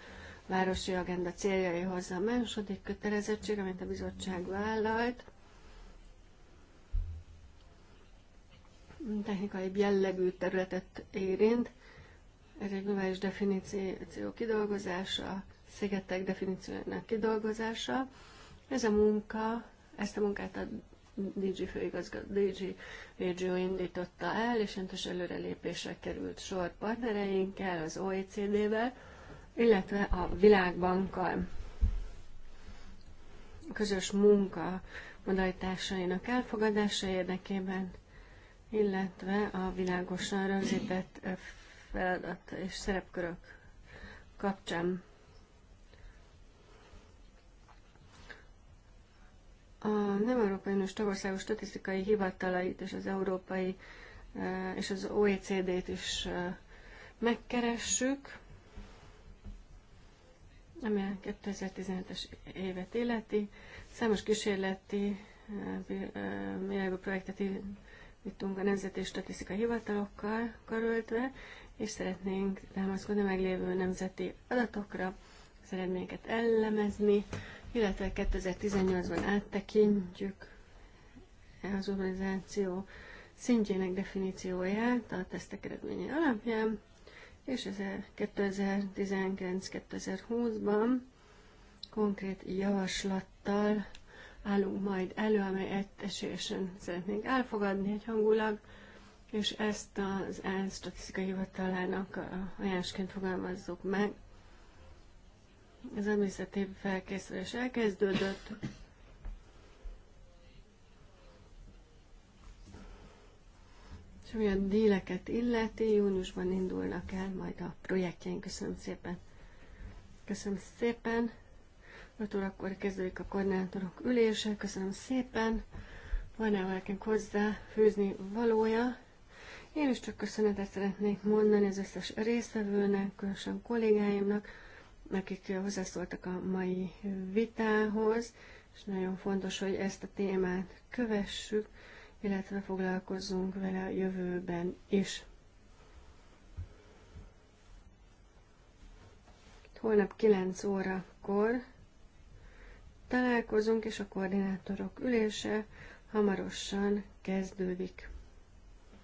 városi agenda céljaihoz. A második kötelezettség, amit a bizottság vállalt, technikai jellegű területet érint. Ez egy globális definíció kidolgozása, szigetek definíciójának kidolgozása. Ez a munka, ezt a munkát a DG, főigazgató, DG Régió indította el, és jelentős előrelépésre került sor partnereinkkel, az OECD-vel, illetve a Világbankkal. A közös munka modalitásainak elfogadása érdekében, illetve a világosan rögzített eh, feladat és szerepkörök kapcsán A nem Európai Uniós tagországos statisztikai hivatalait és az európai eh, és az OECD-t is eh, megkeressük, ami a 2017-es évet illeti. Számos kísérleti mérlegű eh, projektet írtunk a Nemzeti Statisztikai Hivatalokkal karöltve, és szeretnénk támaszkodni meglévő nemzeti adatokra, az eredményeket elemezni, illetve 2018-ban áttekintjük e az urbanizáció szintjének definícióját a tesztek eredményei alapján, és 2019-2020-ban konkrét javaslattal állunk majd elő, amely esélyesen szeretnénk elfogadni egyhangulag, és ezt az ENSZ statisztikai hivatalának ajánlásként fogalmazzuk meg az emészeti felkészülés elkezdődött. És ami a díleket illeti, júniusban indulnak el majd a projektjeink. Köszönöm szépen. Köszönöm szépen. 5 órakor kezdődik a koordinátorok ülése. Köszönöm szépen. Van-e valakinek hozzá fűzni valója? Én is csak köszönetet szeretnék mondani az összes résztvevőnek, különösen kollégáimnak, akik hozzászóltak a mai vitához, és nagyon fontos, hogy ezt a témát kövessük, illetve foglalkozzunk vele a jövőben is. Holnap 9 órakor találkozunk, és a koordinátorok ülése hamarosan kezdődik.